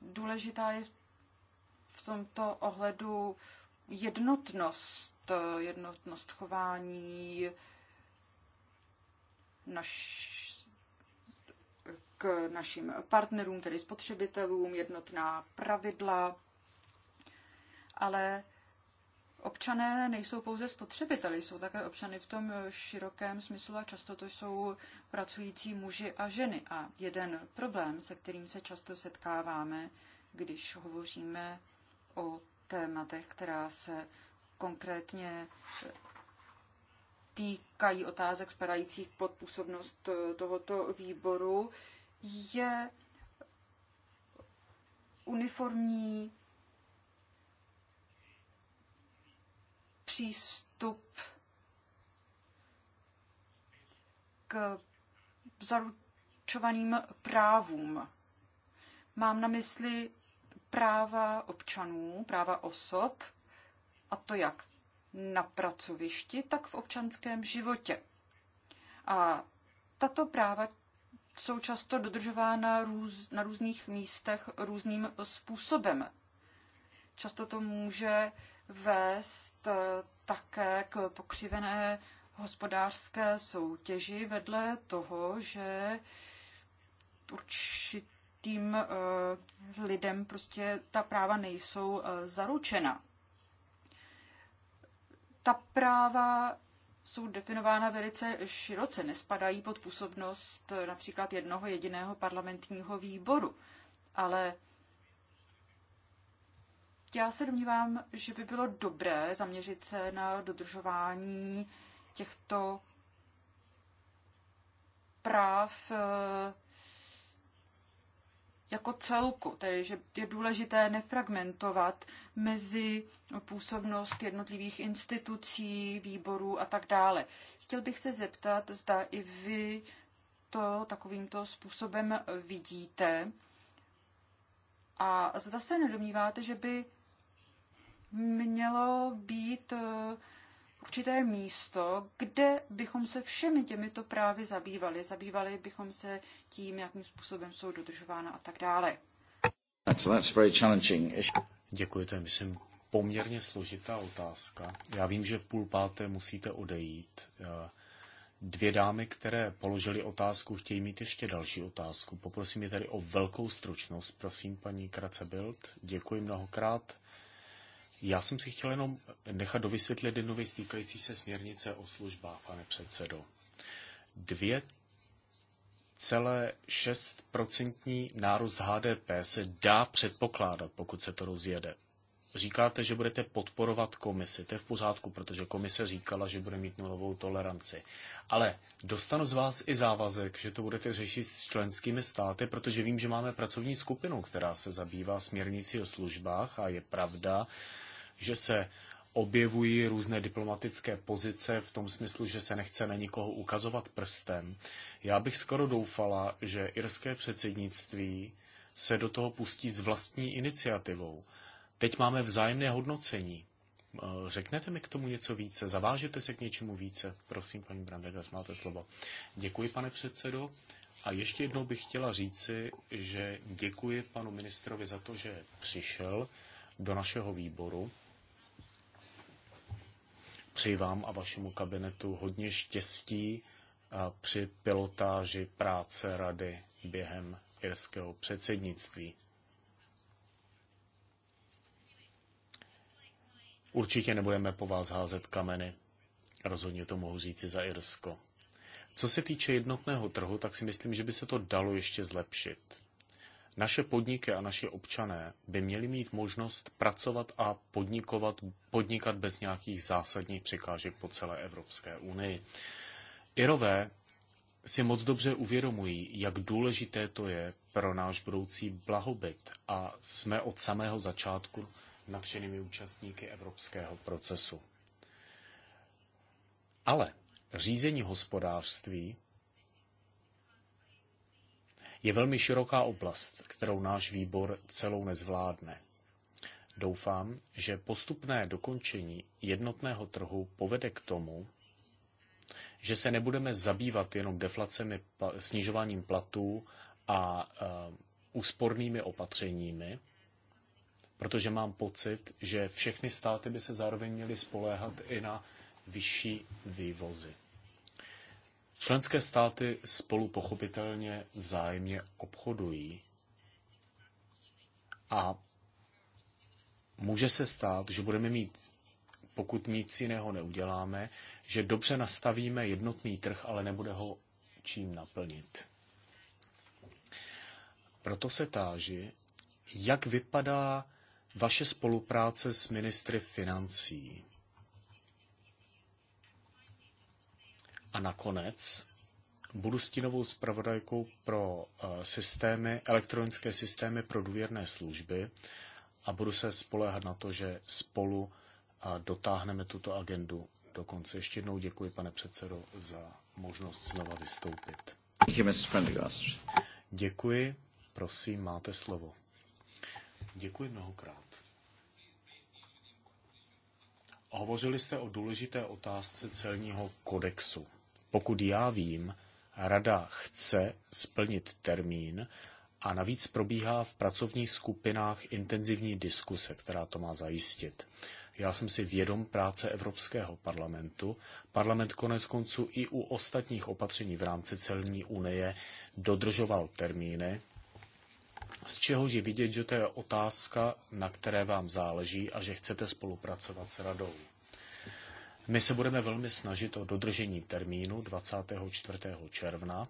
důležitá je v tomto ohledu jednotnost Eh, jednotnost chování, naš, k našim partnerům, tedy spotřebitelům, jednotná pravidla. Ale občané nejsou pouze spotřebiteli, jsou také občany v tom širokém smyslu a často to jsou pracující muži a ženy. A jeden problém, se kterým se často setkáváme, když hovoříme o tématech, která se konkrétně eh, týkají otázek spadajících pod působnost eh, tohoto výboru, je uniformní přístup k zaručovaným právům. Mám na mysli práva občanů, práva osob, a to jak na pracovišti, tak v občanském životě. A tato práva jsou často dodržována růz, na různých místech různým způsobem. Často to může vést eh, také k pokřivené hospodářské soutěži vedle toho, že určitým eh, lidem prostě ta práva nejsou eh, zaručena ta práva jsou definována velice široce, nespadají pod působnost například jednoho jediného parlamentního výboru. Ale já se domnívám, že by bylo dobré zaměřit se na dodržování těchto práv eh, jako celku, tedy že je důležité nefragmentovat mezi působnost jednotlivých institucí, výborů a tak dále. Chtěl bych se zeptat, zda i vy to takovýmto způsobem vidíte a zda se nedomníváte, že by mělo být eh, určité místo, kde bychom se všemi těmito právy zabývali. Zabývali bychom se tím, jakým způsobem jsou dodržována a tak dále. Děkuji, to je, myslím, poměrně složitá otázka. Já vím, že v půl páté musíte odejít. Dvě dámy, které položily otázku, chtějí mít ještě další otázku. Poprosím je tady o velkou stručnost. Prosím, paní Kracebild, děkuji mnohokrát. Já jsem si chtěl jenom nechat dovysvětlit jednu věc týkající se směrnice o službách, pane předsedo. Dvě celé nárůst HDP se dá předpokládat, pokud se to rozjede. Říkáte, že budete podporovat komisi. To je v pořádku, protože komise říkala, že bude mít nulovou toleranci. Ale dostanu z vás i závazek, že to budete řešit s členskými státy, protože vím, že máme pracovní skupinu, která se zabývá směrnicí o službách a je pravda, že se objevují různé diplomatické pozice v tom smyslu, že se nechce na nikoho ukazovat prstem. Já bych skoro doufala, že irské předsednictví se do toho pustí s vlastní iniciativou. Teď máme vzájemné hodnocení. Eh, řeknete mi k tomu něco více? Zavážete se k něčemu více? Prosím, paní Brandegas, máte slovo. Děkuji, pane předsedo. A ještě jednou bych chtěla říci, že děkuji panu ministrovi za to, že přišel do našeho výboru. Přeji vám a vašemu kabinetu hodně štěstí při pilotáži práce rady během irského předsednictví. Určitě nebudeme po vás házet kameny. Rozhodně to mohu říci za Irsko. Co se týče jednotného trhu, tak si myslím, že by se to dalo ještě zlepšit. Naše podniky a naši občané by měli mít možnost pracovat a podnikovat, podnikat bez nějakých zásadních překážek po celé Evropské unii. Irové si moc dobře uvědomují, jak důležité to je pro náš budoucí blahobyt a jsme od samého začátku nadšenými účastníky evropského procesu. Ale řízení hospodářství je velmi široká oblast, kterou náš výbor celou nezvládne. Doufám, že postupné dokončení jednotného trhu povede k tomu, že se nebudeme zabývat jenom deflacemi, snižováním platů a eh, úspornými opatřeními, protože mám pocit, že všechny státy by se zároveň měly spoléhat i na vyšší vývozy. Členské státy spolu pochopitelně vzájemně obchodují a může se stát, že budeme mít, pokud nic jiného neuděláme, že dobře nastavíme jednotný trh, ale nebude ho čím naplnit. Proto se táži, jak vypadá vaše spolupráce s ministry financí. A nakonec budu stínovou zpravodajkou pro eh, systémy, elektronické systémy pro důvěrné služby a budu se spolehat na to, že spolu eh, dotáhneme tuto agendu do konce. Ještě jednou děkuji, pane předsedo, za možnost znova vystoupit. Děkuji, prosím, máte slovo. Děkuji mnohokrát. Hovořili jste o důležité otázce celního kodexu. Pokud já vím, rada chce splnit termín a navíc probíhá v pracovních skupinách intenzivní diskuse, která to má zajistit. Já jsem si vědom práce Evropského parlamentu. Parlament konec konců i u ostatních opatření v rámci celní unie dodržoval termíny, z čehož je vidět, že to je otázka, na které vám záleží a že chcete spolupracovat s radou. My se budeme velmi snažit o dodržení termínu 24. června.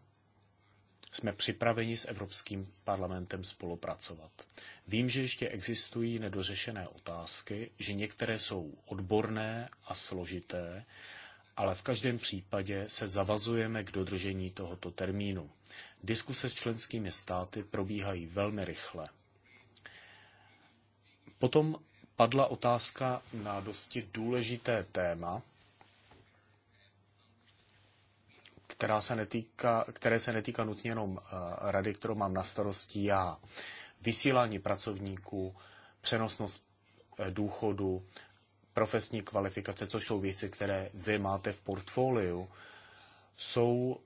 Jsme připraveni s Evropským parlamentem spolupracovat. Vím, že ještě existují nedořešené otázky, že některé jsou odborné a složité, ale v každém případě se zavazujeme k dodržení tohoto termínu. Diskuse s členskými státy probíhají velmi rychle. Potom padla otázka na dosti důležité téma, která se netýka, které se netýká nutně jenom eh, rady, kterou mám na starosti já. Vysílání pracovníků, přenosnost eh, důchodu, profesní kvalifikace, což jsou věci, které vy máte v portfoliu, jsou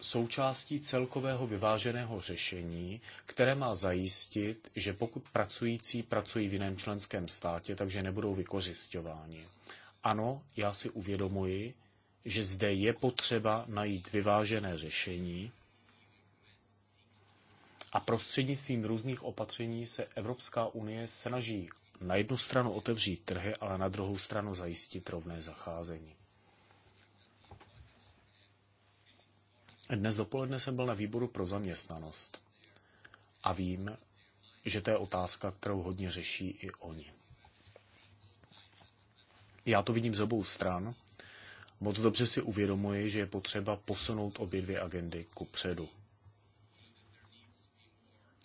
součástí celkového vyváženého řešení, které má zajistit, že pokud pracující pracují v jiném členském státě, takže nebudou vykořišťováni. Ano, já si uvědomuji, že zde je potřeba najít vyvážené řešení a prostřednictvím různých opatření se Evropská unie snaží na jednu stranu otevřít trhy, ale na druhou stranu zajistit rovné zacházení. Dnes dopoledne jsem byl na výboru pro zaměstnanost a vím, že to je otázka, kterou hodně řeší i oni. Já to vidím z obou stran. Moc dobře si uvědomuji, že je potřeba posunout obě dvě agendy ku předu.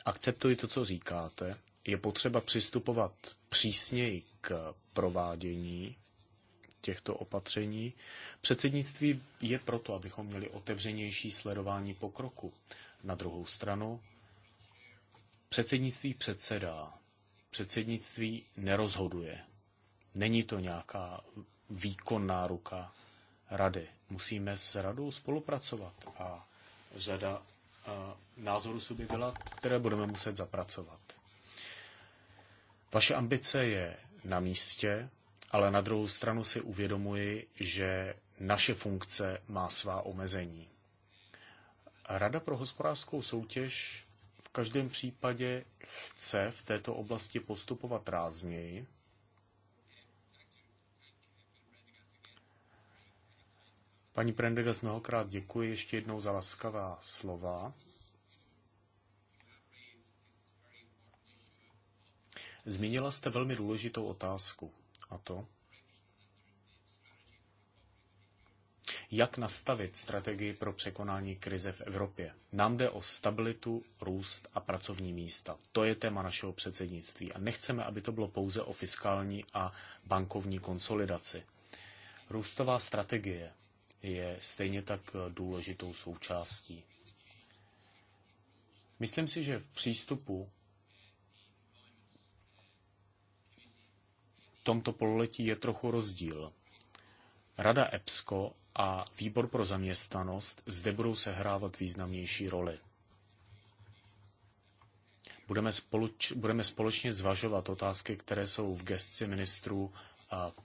Akceptuji to, co říkáte. Je potřeba přistupovat přísněji k provádění těchto opatření. Předsednictví je proto, abychom měli otevřenější sledování pokroku. Na druhou stranu, předsednictví předsedá, předsednictví nerozhoduje. Není to nějaká výkonná ruka rady. Musíme s radou spolupracovat a řada názorů by byla, které budeme muset zapracovat. Vaše ambice je na místě, ale na druhou stranu si uvědomuji, že naše funkce má svá omezení. Rada pro hospodářskou soutěž v každém případě chce v této oblasti postupovat rázněji. Paní Prendegas, mnohokrát děkuji ještě jednou za laskavá slova. Zmínila jste velmi důležitou otázku a to, jak nastavit strategii pro překonání krize v Evropě. Nám jde o stabilitu, růst a pracovní místa. To je téma našeho předsednictví a nechceme, aby to bylo pouze o fiskální a bankovní konsolidaci. Růstová strategie je stejně tak důležitou součástí. Myslím si, že v přístupu tomto pololetí je trochu rozdíl. Rada EPSCO a Výbor pro zaměstnanost zde budou sehrávat významnější roli. Budeme, spoluč, budeme společně zvažovat otázky, které jsou v gestci ministrů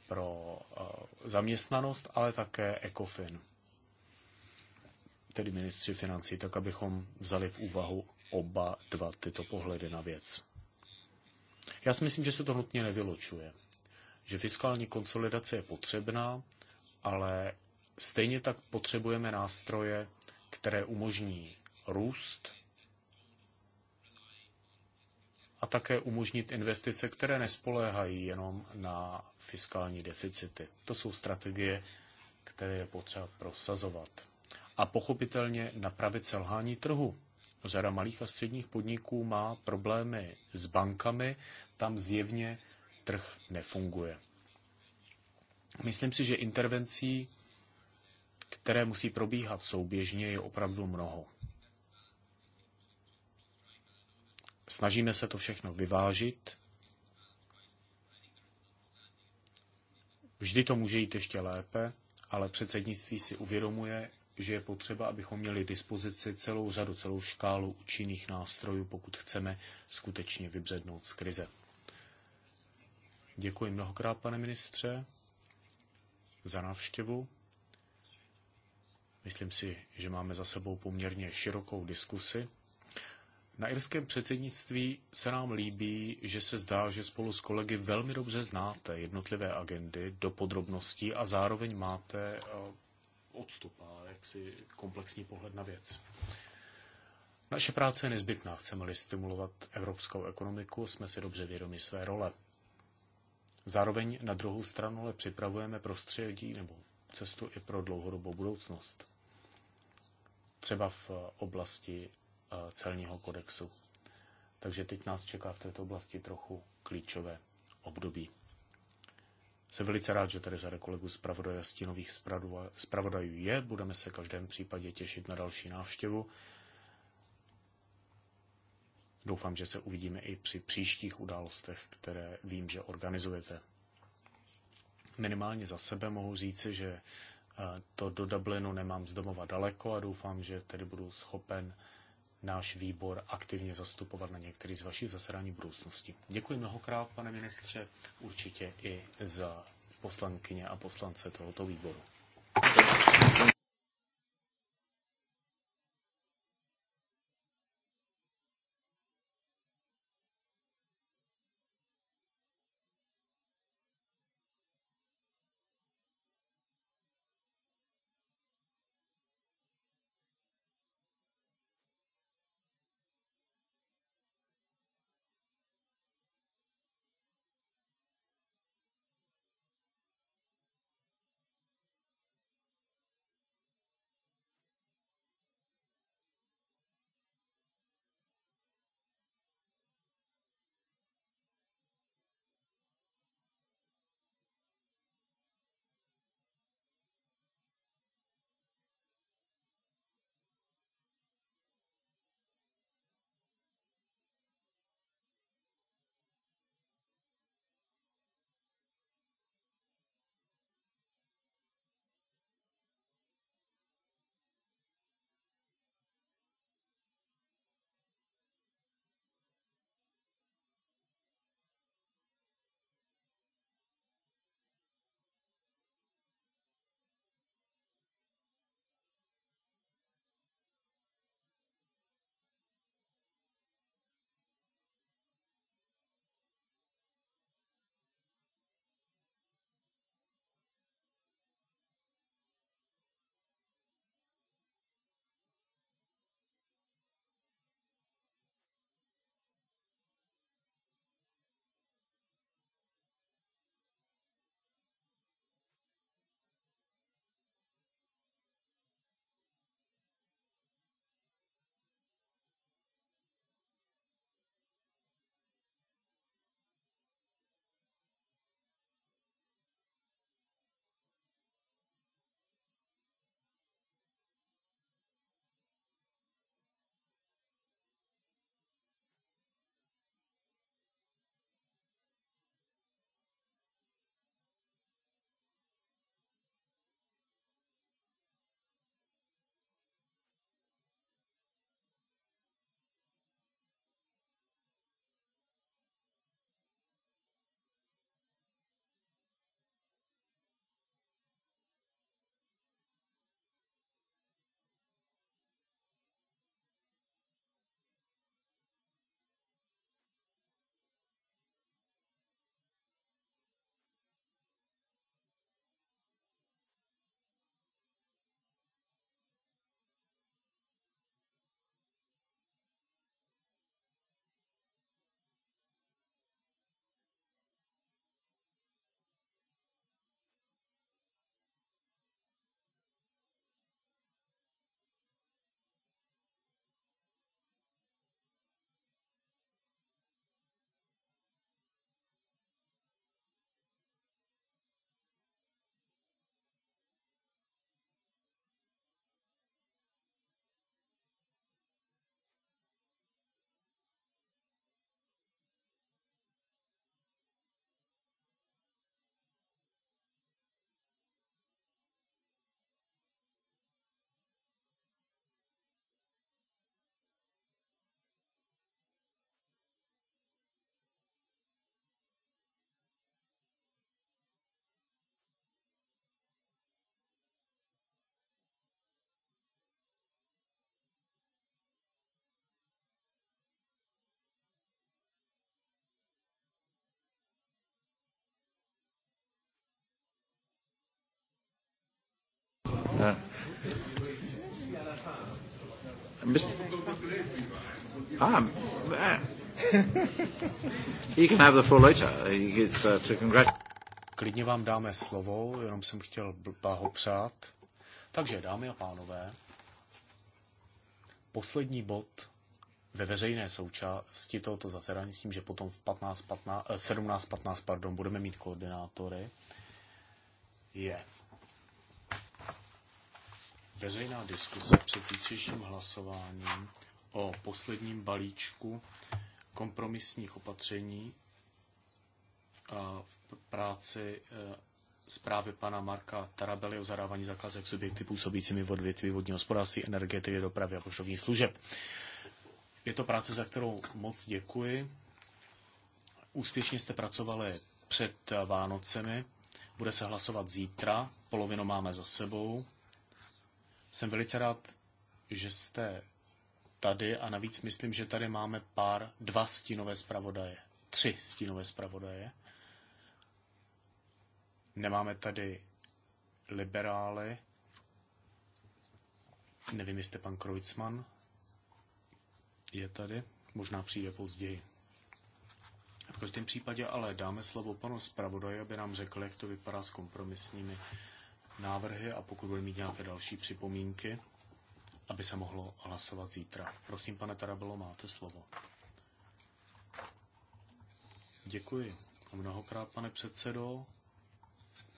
pro zaměstnanost, ale také ECOFIN, tedy ministři financí, tak abychom vzali v úvahu oba dva tyto pohledy na věc. Já si myslím, že se to nutně nevylučuje že fiskální konsolidace je potřebná, ale stejně tak potřebujeme nástroje, které umožní růst a také umožnit investice, které nespoléhají jenom na fiskální deficity. To jsou strategie, které je potřeba prosazovat. A pochopitelně napravit selhání trhu. Řada malých a středních podniků má problémy s bankami, tam zjevně trh nefunguje. Myslím si, že intervencí, které musí probíhat souběžně, je opravdu mnoho. Snažíme se to všechno vyvážit. Vždy to může jít ještě lépe, ale předsednictví si uvědomuje, že je potřeba, abychom měli dispozici celou řadu, celou škálu účinných nástrojů, pokud chceme skutečně vybřednout z krize. Děkuji mnohokrát, pane ministře, za návštěvu. Myslím si, že máme za sebou poměrně širokou diskusi. Na irském předsednictví se nám líbí, že se zdá, že spolu s kolegy velmi dobře znáte jednotlivé agendy do podrobností a zároveň máte eh, odstup a jaksi komplexní pohled na věc. Naše práce je nezbytná, chceme-li stimulovat evropskou ekonomiku, jsme si dobře vědomi své role. Zároveň na druhou stranu ale připravujeme prostředí nebo cestu i pro dlouhodobou budoucnost. Třeba v oblasti eh, celního kodexu. Takže teď nás čeká v této oblasti trochu klíčové období. Jsem velice rád, že tady řada kolegů z Pravodaja stínových zpravodajů je. Budeme se v každém případě těšit na další návštěvu Doufám, že se uvidíme i při příštích událostech, které vím, že organizujete. Minimálně za sebe mohu říci, že eh, to do Dublinu nemám z domova daleko a doufám, že tedy budu schopen náš výbor aktivně zastupovat na některý z vašich zasedání budoucnosti. Děkuji mnohokrát, pane ministře, určitě i za poslankyně a poslance tohoto výboru. Ah, you can have the floor later. It's uh, to congratulate. Klidně vám dáme slovo, jenom jsem chtěl blahopřát. Takže, dámy a pánové, poslední bod ve veřejné součásti tohoto zasedání s tím, že potom v 15, 15, 17.15 pardon, budeme mít koordinátory, je veřejná diskuse před zítřejším hlasováním o posledním balíčku kompromisních opatření v práci e, zprávy pana Marka Tarabely o zadávání zakázek subjekty působícími v odvětví vodního hospodářství, energetiky, dopravy a poštovních služeb. Je to práce, za kterou moc děkuji. Úspěšně jste pracovali před Vánocemi. Bude se hlasovat zítra, polovinu máme za sebou. Jsem velice rád, že jste tady a navíc myslím, že tady máme pár, dva stínové zpravodaje, tři stínové zpravodaje. Nemáme tady liberály, nevím, jestli pan Kreutzmann je tady, možná přijde později. V každém případě ale dáme slovo panu zpravodaji, aby nám řekl, jak to vypadá s kompromisními návrhy a pokud bude mít nějaké další připomínky, aby se mohlo hlasovat zítra. Prosím, pane Tarabelo, máte slovo. Děkuji mnohokrát, pane předsedo,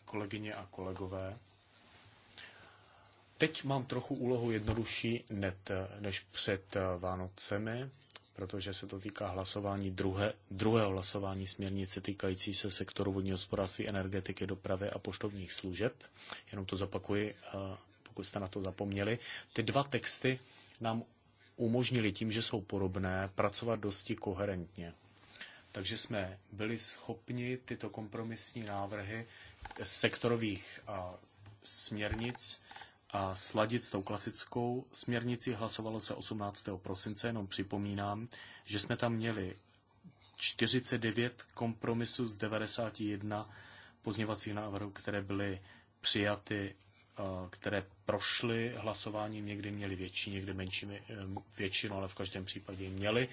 kolegyně a kolegové. Teď mám trochu úlohu jednodušší net než před Vánocemi, protože se to týká hlasování druhé, druhého hlasování směrnice týkající se sektoru vodního hospodářství, energetiky, dopravy a poštovních služeb. Jenom to zapakuji, eh, pokud jste na to zapomněli. Ty dva texty nám umožnili tím, že jsou podobné, pracovat dosti koherentně. Takže jsme byli schopni tyto kompromisní návrhy sektorových eh, směrnic a sladit s tou klasickou směrnici Hlasovalo se 18. prosince, jenom připomínám, že jsme tam měli 49 kompromisů z 91 pozněvacích návrhů, které byly přijaty, eh, které prošly hlasováním, někdy měly větší, někdy menší eh, většinu, ale v každém případě měly,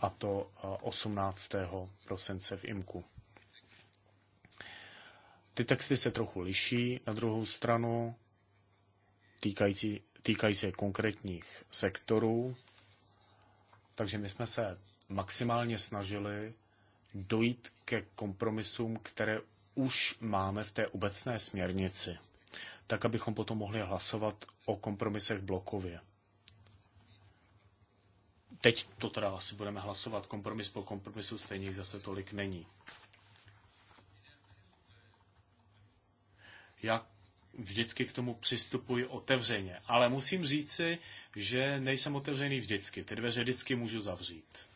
a to 18. Eh, prosince v IMKU. Ty texty se trochu liší. Na druhou stranu týkající, týkají se konkrétních sektorů, takže my jsme se maximálně snažili dojít ke kompromisům, které už máme v té obecné směrnici, tak abychom potom mohli hlasovat o kompromisech blokově. Teď to teda asi budeme hlasovat kompromis po kompromisu, stejně zase tolik není. Jak vždycky k tomu přistupuji otevřeně. Ale musím říci, že nejsem otevřený vždycky. Ty dveře vždycky můžu zavřít.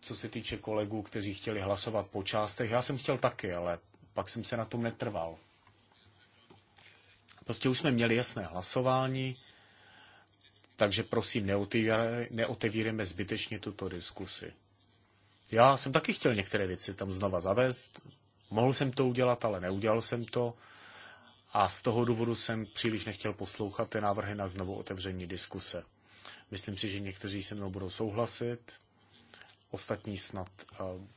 Co se týče kolegů, kteří chtěli hlasovat po částech, já jsem chtěl taky, ale pak jsem se na tom netrval. Prostě už jsme měli jasné hlasování, takže prosím, neotevíreme zbytečně tuto diskusi. Já jsem taky chtěl některé věci tam znova zavést, mohl jsem to udělat, ale neudělal jsem to a z toho důvodu jsem příliš nechtěl poslouchat ty návrhy na znovu otevření diskuse. Myslím si, že někteří se mnou budou souhlasit, ostatní snad eh,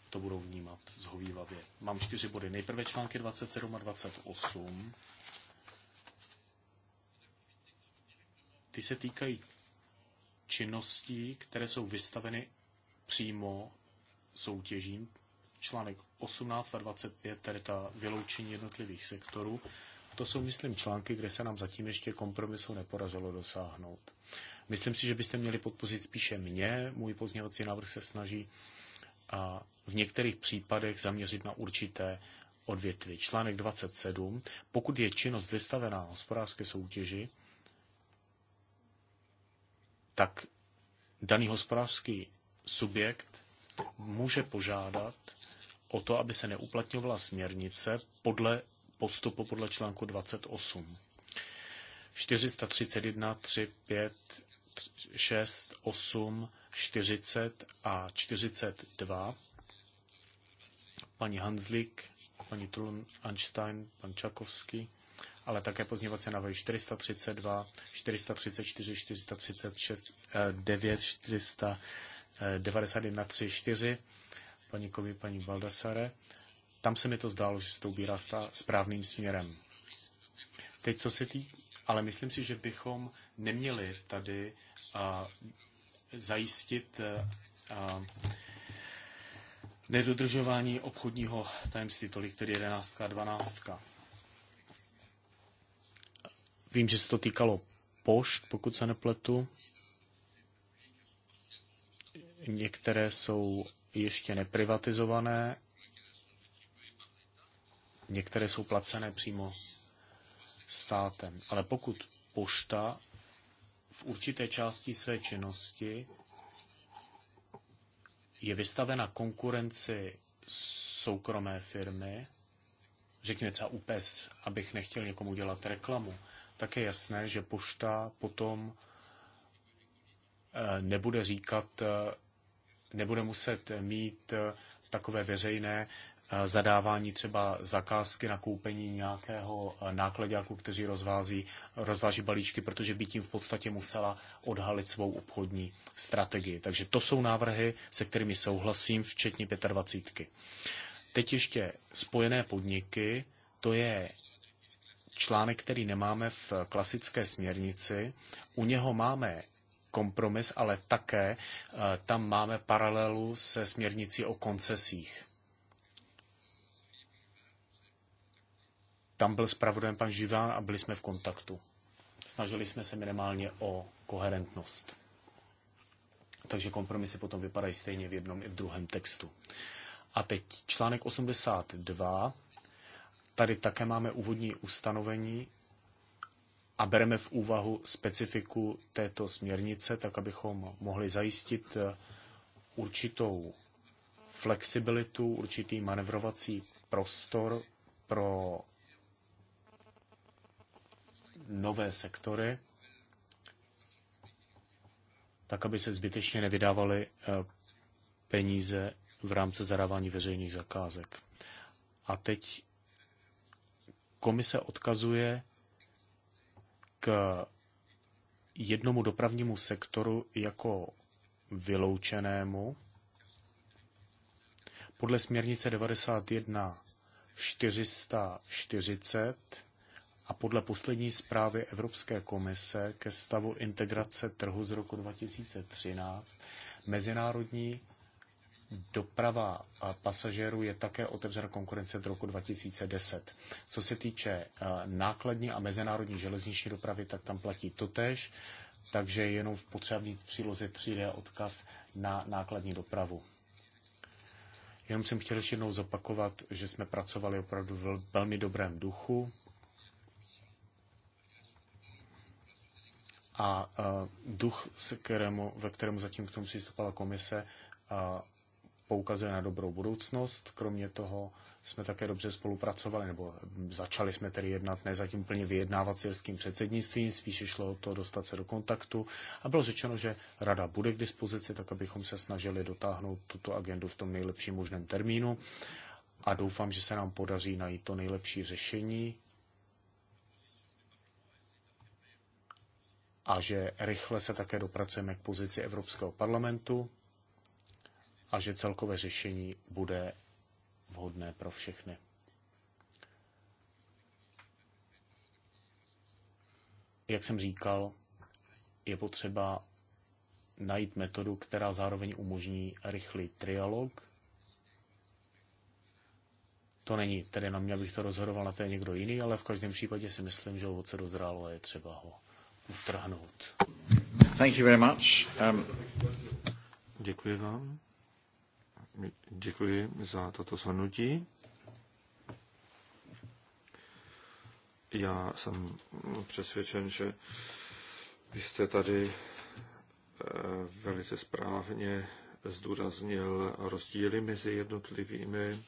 to budou vnímat zhovývavě. Mám čtyři body. Nejprve články 27 a 28. Ty se týkají činností, které jsou vystaveny přímo soutěžím. Článek 18 a 25, tedy ta vyloučení jednotlivých sektorů. To jsou, myslím, články, kde se nám zatím ještě kompromisu neporazilo dosáhnout. Myslím si, že byste měli podpořit spíše mě. Můj pozněvací návrh se snaží a v některých případech zaměřit na určité odvětví. Článek 27. Pokud je činnost vystavená hospodářské soutěži, tak daný hospodářský subjekt může požádat o to, aby se neuplatňovala směrnice podle postupu podle článku 28. 431, 3, 5, 6, 8, 40 a 42. Paní Hanzlik, paní Trun, Einstein, pan Čakovský, ale také pozněvací návrhy 432, 434, 436, 9, 491, 3, 4, paní Kovi, paní Baldasare tam se mi to zdálo, že se to ubírá správným směrem. Teď, co se týká, ale myslím si, že bychom neměli tady a, zajistit e, a, nedodržování obchodního tajemství, tolik tedy 11 a 12. Vím, že se to týkalo pošt, pokud se nepletu. Některé jsou ještě neprivatizované Některé jsou placené přímo státem. Ale pokud pošta v určité části své činnosti je vystavena konkurenci soukromé firmy, řekněme třeba UPES, abych nechtěl někomu dělat reklamu, tak je jasné, že pošta potom eh, nebude říkat, eh, nebude muset mít eh, takové veřejné Eh, zadávání třeba zakázky na koupení nějakého eh, nákladňáku, kteří rozvází, rozváží balíčky, protože by tím v podstatě musela odhalit svou obchodní strategii. Takže to jsou návrhy, se kterými souhlasím, včetně 25. Teď ještě spojené podniky, to je článek, který nemáme v klasické směrnici. U něho máme kompromis, ale také eh, tam máme paralelu se směrnicí o koncesích. Tam byl zpravodajem pan Živán a byli jsme v kontaktu. Snažili jsme se minimálně o koherentnost. Takže kompromisy potom vypadají stejně v jednom i v druhém textu. A teď článek 82. Tady také máme úvodní ustanovení a bereme v úvahu specifiku této směrnice, tak abychom mohli zajistit eh, určitou flexibilitu, určitý manevrovací prostor pro nové sektory, tak aby se zbytečně nevydávaly eh, peníze v rámci zadávání veřejných zakázek. A teď komise odkazuje k jednomu dopravnímu sektoru jako vyloučenému. Podle směrnice 91 440 a podle poslední zprávy Evropské komise ke stavu integrace trhu z roku 2013 mezinárodní doprava pasažérů je také otevřena konkurence od roku 2010. Co se týče eh, nákladní a mezinárodní železniční dopravy, tak tam platí totéž, takže jenom v potřebné příloze přijde odkaz na nákladní dopravu. Jenom jsem chtěl ještě jednou zopakovat, že jsme pracovali opravdu v velmi dobrém duchu. a duch, se kterému, ve kterému zatím k tomu přistupala komise, poukazuje na dobrou budoucnost. Kromě toho jsme také dobře spolupracovali, nebo začali jsme tedy jednat, ne zatím úplně vyjednávat s jirským předsednictvím, spíše šlo o to dostat se do kontaktu a bylo řečeno, že rada bude k dispozici, tak abychom se snažili dotáhnout tuto agendu v tom nejlepším možném termínu a doufám, že se nám podaří najít to nejlepší řešení a že rychle se také dopracujeme k pozici Evropského parlamentu a že celkové řešení bude vhodné pro všechny. Jak jsem říkal, je potřeba najít metodu, která zároveň umožní rychlý trialog. To není tedy na mě, abych to rozhodoval, na té někdo jiný, ale v každém případě si myslím, že ovoce dozrálo a je třeba ho utrhnout. Thank you very much. Um... Děkuji vám. Děkuji za toto shrnutí. Já jsem přesvědčen, že vy jste tady eh, velice správně zdůraznil rozdíly mezi jednotlivými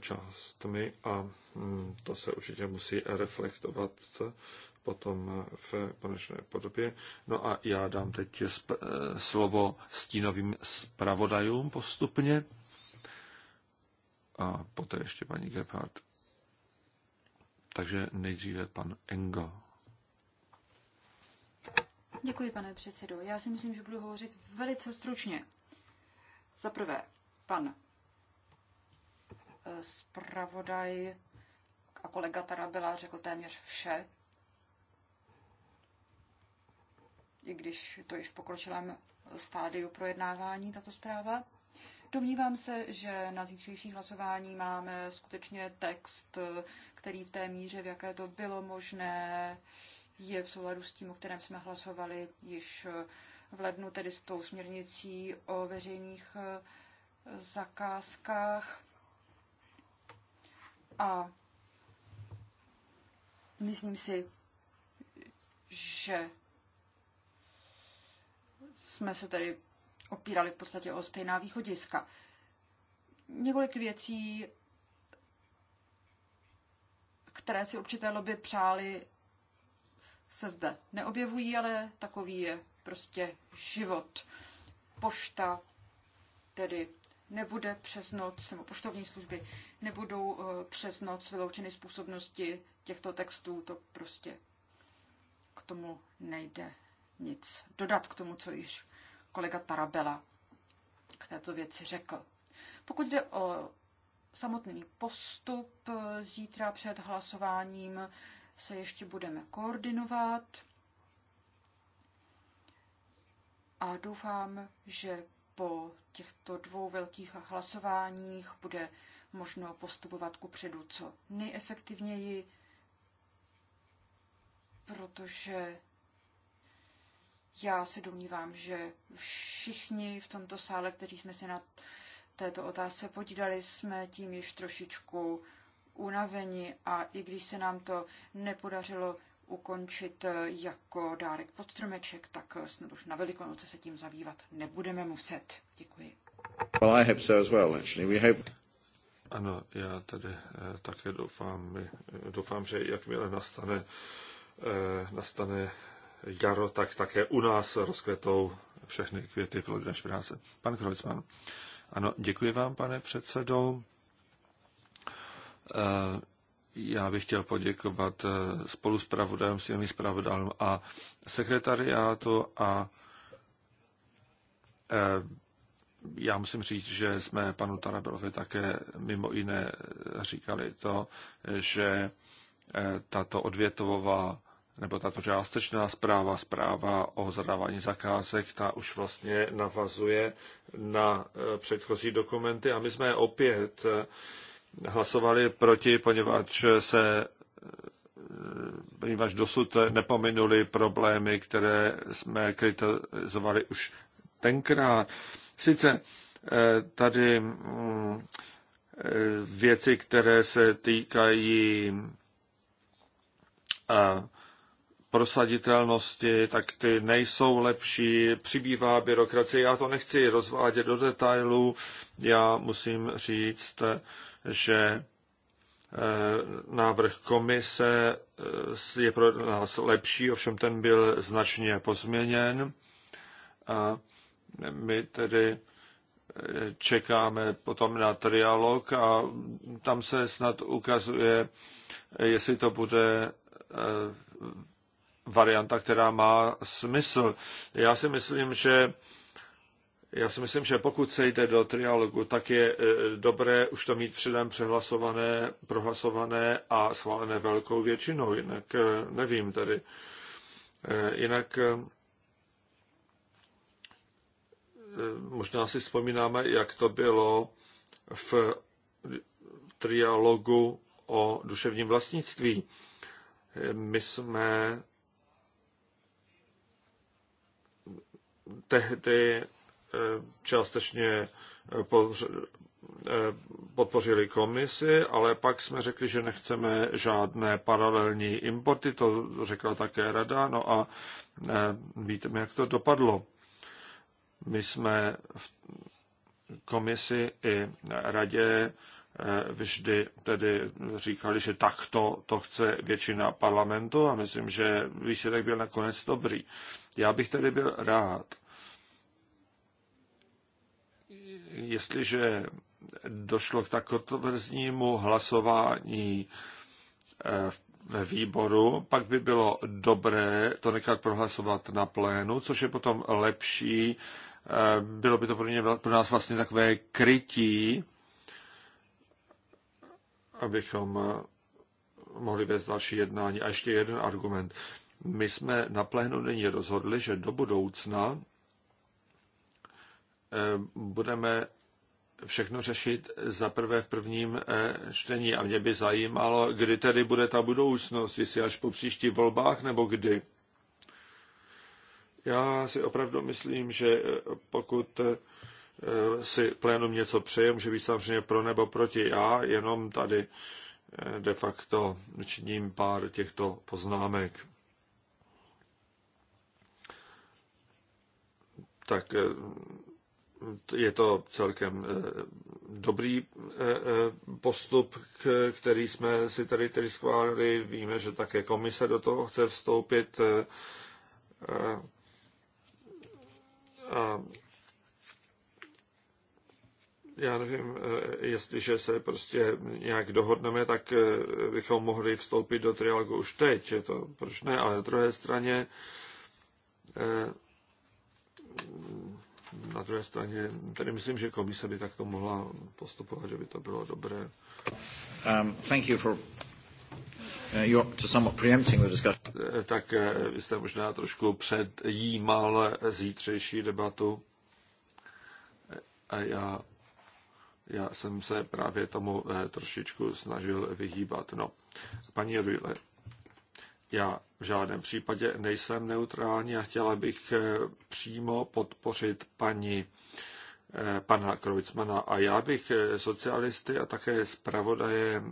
částmi a hm, to se určitě musí reflektovat potom v konečné podobě. No a já dám teď eh, slovo stínovým zpravodajům postupně. A poté ještě paní Gebhardt. Takže nejdříve pan Engo. Děkuji, pane předsedo. Já si myslím, že budu hovořit velice stručně. Za prvé, pan eh, zpravodaj a kolega Tarabela řekl téměř vše, i když to je v pokročilém stádiu projednávání tato zpráva. Domnívám se, že na zítřejší hlasování máme skutečně text, který v té míře, v jaké to bylo možné, je v souladu s tím, o kterém jsme hlasovali již v lednu, tedy s tou směrnicí o veřejných eh, zakázkách. A myslím si, že jsme se tedy opírali v podstatě o stejná východiska. Několik věcí, které si určité lobby přáli, se zde neobjevují, ale takový je prostě život. Pošta tedy nebude přes noc, nebo poštovní služby nebudou eh, přes noc vyloučeny z působnosti těchto textů, to prostě k tomu nejde nic dodat k tomu, co již kolega Tarabela k této věci řekl. Pokud jde o samotný postup, zítra před hlasováním se ještě budeme koordinovat a doufám, že po těchto dvou velkých hlasováních bude možno postupovat ku předu co nejefektivněji, protože já se domnívám, že všichni v tomto sále, kteří jsme se na této otázce podídali, jsme tím již trošičku unaveni a i když se nám to nepodařilo ukončit eh, jako dárek pod stromeček, tak eh, snad už na Velikonoce se tím zabývat nebudeme muset. Děkuji. Well, I hope so as well, actually. We hope... Ano, já tedy eh, také doufám, doufám že jakmile nastane, nastane jaro, tak také u nás rozkvetou všechny květy plodné špináce. Pan Krojcman. Ano, děkuji vám, pane předsedo. Eh, já bych chtěl poděkovat eh, spolu s pravodajem, s jinými zpravodajům a sekretariátu a eh, já musím říct, že jsme panu Tarabelovi také mimo jiné říkali to, že tato odvětová nebo tato částečná zpráva, zpráva o zadávání zakázek, ta už vlastně navazuje na e, předchozí dokumenty a my jsme opět e, hlasovali proti, poněvadž se e, poněvadž dosud nepominuli problémy, které jsme kritizovali už tenkrát. Sice tady mm, věci, které se týkají prosaditelnosti, tak ty nejsou lepší, přibývá byrokracie. Já to nechci rozvádět do detailů, já musím říct, eh, že eh, návrh komise eh, je pro nás lepší, ovšem ten byl značně pozměněn. A my tedy čekáme potom na trialog a tam se snad ukazuje, jestli to bude varianta, která má smysl. Já si myslím, že já si myslím, že pokud se jde do trialogu, tak je e, dobré už to mít předem přehlasované, prohlasované a schválené velkou většinou, jinak e, nevím tedy. E, jinak možná si vzpomínáme, jak to bylo v trialogu o duševním vlastnictví. My jsme tehdy eh, částečně eh, eh, podpořili komisi, ale pak jsme řekli, že nechceme žádné paralelní importy, to řekla také rada, no a víte, jak to dopadlo. My jsme v komisi i radě vždy tedy říkali, že takto to chce většina parlamentu a myslím, že výsledek byl nakonec dobrý. Já bych tedy byl rád, jestliže došlo k takovému hlasování eh, ve výboru, pak by bylo dobré to nechat prohlasovat na plénu, což je potom lepší. Eh, bylo by to pro, ně, pro nás vlastně takové krytí, abychom eh, mohli vést další jednání. A ještě jeden argument. My jsme na plénu není rozhodli, že do budoucna Eh, budeme všechno řešit zaprvé v prvním eh, čtení. A mě by zajímalo, kdy tedy bude ta budoucnost, jestli až po příští volbách nebo kdy. Já si opravdu myslím, že eh, pokud si plénum něco přeje, může být samozřejmě pro nebo proti. Já jenom tady de facto činím pár těchto poznámek. Tak je to celkem eh, dobrý eh, eh, postup, který jsme si tady tedy schválili. Víme, že také komise do toho chce vstoupit. A já nevím, jestliže se prostě nějak dohodneme, tak bychom mohli vstoupit do trialogu už teď. Je to, proč ne? Ale na druhé straně na druhé straně, tady myslím, že komise by takto mohla postupovat, že by to bylo dobré. Um, thank you for uh, your, to somewhat preempting the discussion. Eh, tak eh, vy jste možná trošku předjímal zítřejší debatu. Eh, a já, já jsem se právě tomu trošičku snažil vyhýbat. No, paní Rujle, já v žádném případě nejsem neutrální a chtěla bych eh, přímo podpořit paní eh, pana Krojcmana. A já bych eh, socialisty a také zpravodaje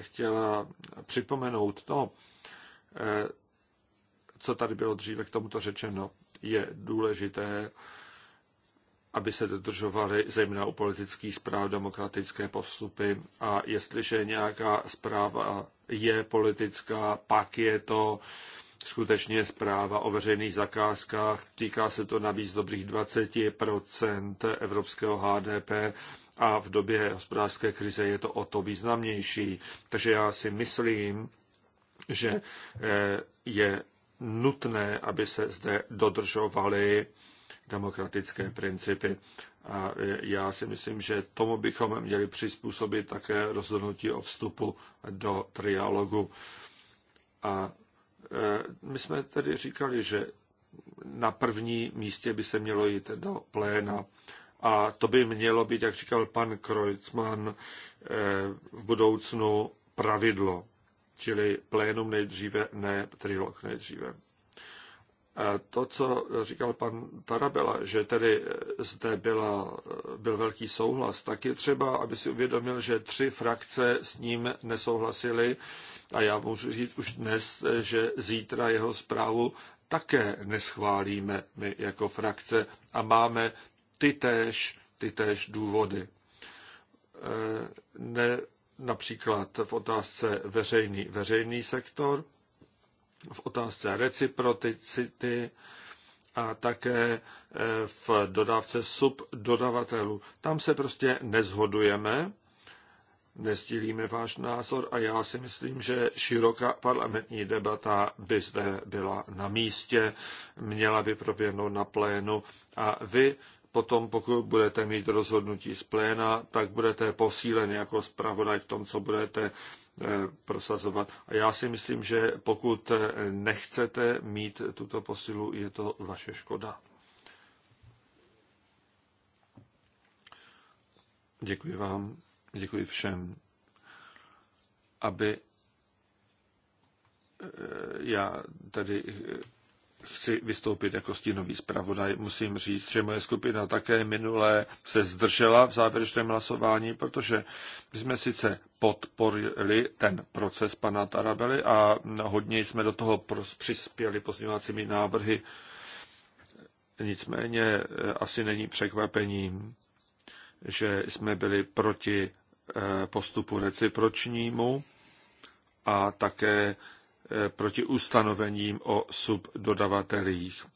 chtěla připomenout to, co tady bylo dříve k tomuto řečeno. Je důležité, aby se dodržovaly zejména u politických zpráv demokratické postupy a jestliže nějaká zpráva je politická, pak je to skutečně zpráva o veřejných zakázkách. Týká se to navíc dobrých 20 evropského HDP a v době hospodářské krize je to o to významnější. Takže já si myslím, že eh, je nutné, aby se zde dodržovaly demokratické principy. A já si myslím, že tomu bychom měli přizpůsobit také rozhodnutí o vstupu do trialogu. A e, my jsme tedy říkali, že na první místě by se mělo jít do pléna. A to by mělo být, jak říkal pan Kreutzmann, e, v budoucnu pravidlo, čili plénum nejdříve, ne trilog nejdříve. To, co říkal pan Tarabela, že tedy zde byla, byl velký souhlas, tak je třeba, aby si uvědomil, že tři frakce s ním nesouhlasily a já můžu říct už dnes, že zítra jeho zprávu také neschválíme my jako frakce a máme tytéž, též, důvody. E, ne, například v otázce veřejný, veřejný sektor, v otázce reciprocity a také eh, v dodávce subdodavatelů. Tam se prostě nezhodujeme, nestílíme váš názor a já si myslím, že široká parlamentní debata by zde byla na místě, měla by proběhnout na plénu a vy potom, pokud budete mít rozhodnutí z pléna, tak budete posíleni jako zpravodaj v tom, co budete Eh, prosazovat. A já si myslím, že pokud eh, nechcete mít tuto posilu, je to vaše škoda. Děkuji vám, děkuji všem, aby eh, já tady chci vystoupit jako stínový zpravodaj. Musím říct, že moje skupina také minule se zdržela v závěrečném hlasování, protože my jsme sice podporili ten proces pana Tarabely a hodně jsme do toho přispěli pozměňovacími návrhy. Nicméně eh, asi není překvapením, že jsme byli proti eh, postupu recipročnímu a také Eh, proti ustanovením o subdodavatelích.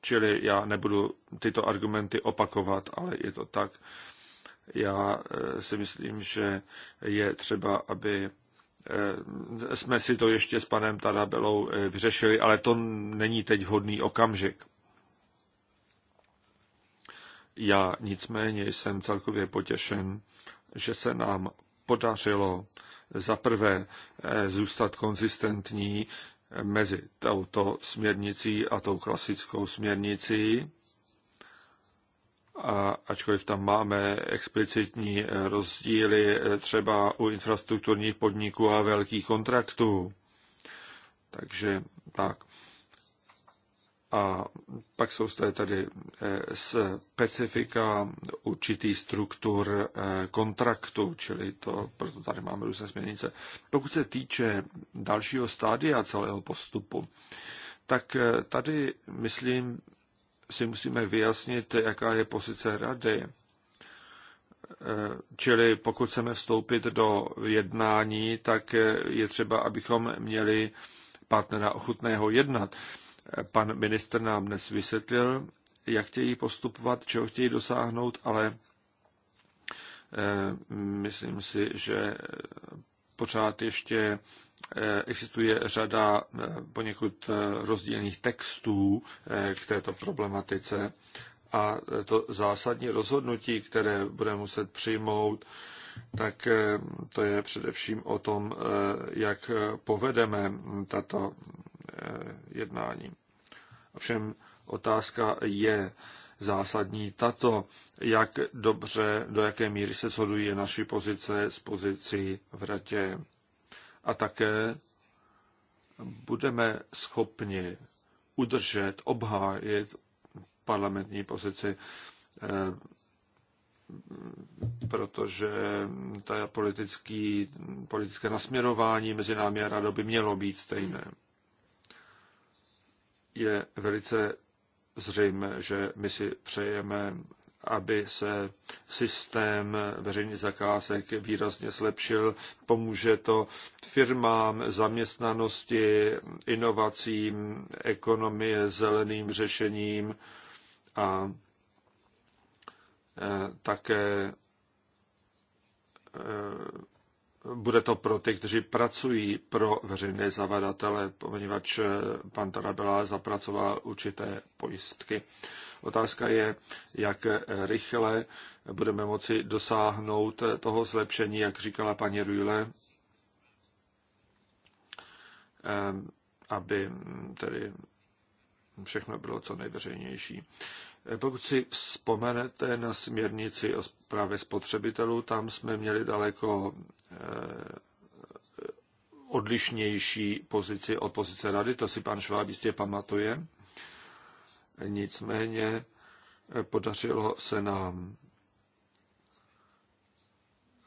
Čili já nebudu tyto argumenty opakovat, ale je to tak. Já eh, si myslím, že je třeba, aby eh, jsme si to ještě s panem Tarabelou vyřešili, ale to není teď vhodný okamžik. Já nicméně jsem celkově potěšen, že se nám podařilo za prvé eh, zůstat konzistentní eh, mezi touto směrnicí a tou klasickou směrnicí, a ačkoliv tam máme explicitní eh, rozdíly třeba u infrastrukturních podniků a velkých kontraktů. Takže tak. A pak jsou tady eh, specifika určitý struktur eh, kontraktu, čili to, proto tady máme různé směrnice. Pokud se týče dalšího stádia celého postupu, tak eh, tady, myslím, si musíme vyjasnit, jaká je pozice rady. Čili pokud chceme vstoupit do jednání, tak je třeba, abychom měli partnera ochutného jednat. Pan ministr nám dnes vysvětlil, jak chtějí postupovat, čeho chtějí dosáhnout, ale eh, myslím si, že pořád ještě eh, existuje řada eh, poněkud rozdílných textů k této problematice a to zásadní rozhodnutí, které budeme muset přijmout, tak eh, to je především o tom, eh, jak povedeme tato eh, jednání. Ovšem otázka je zásadní tato, jak dobře, do jaké míry se shodují naši pozice s pozicí v radě. A také budeme schopni udržet, obhájit parlamentní pozici, eh, protože ta politický, politické nasměrování mezi námi a radou by mělo být stejné. Je velice zřejmé, že my si přejeme, aby se systém veřejných zakázek výrazně zlepšil. Pomůže to firmám, zaměstnanosti, inovacím, ekonomie, zeleným řešením a e, také e, bude to pro ty, kteří pracují pro veřejné zavadatele, poněvadž e, pan Tarabela zapracoval určité pojistky. Otázka je, jak rychle budeme moci dosáhnout toho zlepšení, jak říkala paní Rujle, aby tedy všechno bylo co nejveřejnější. Eh, pokud si vzpomenete na směrnici o právě spotřebitelů, tam jsme měli daleko eh, odlišnější pozici od pozice rady, to si pan Šváb jistě pamatuje. Nicméně eh, podařilo se nám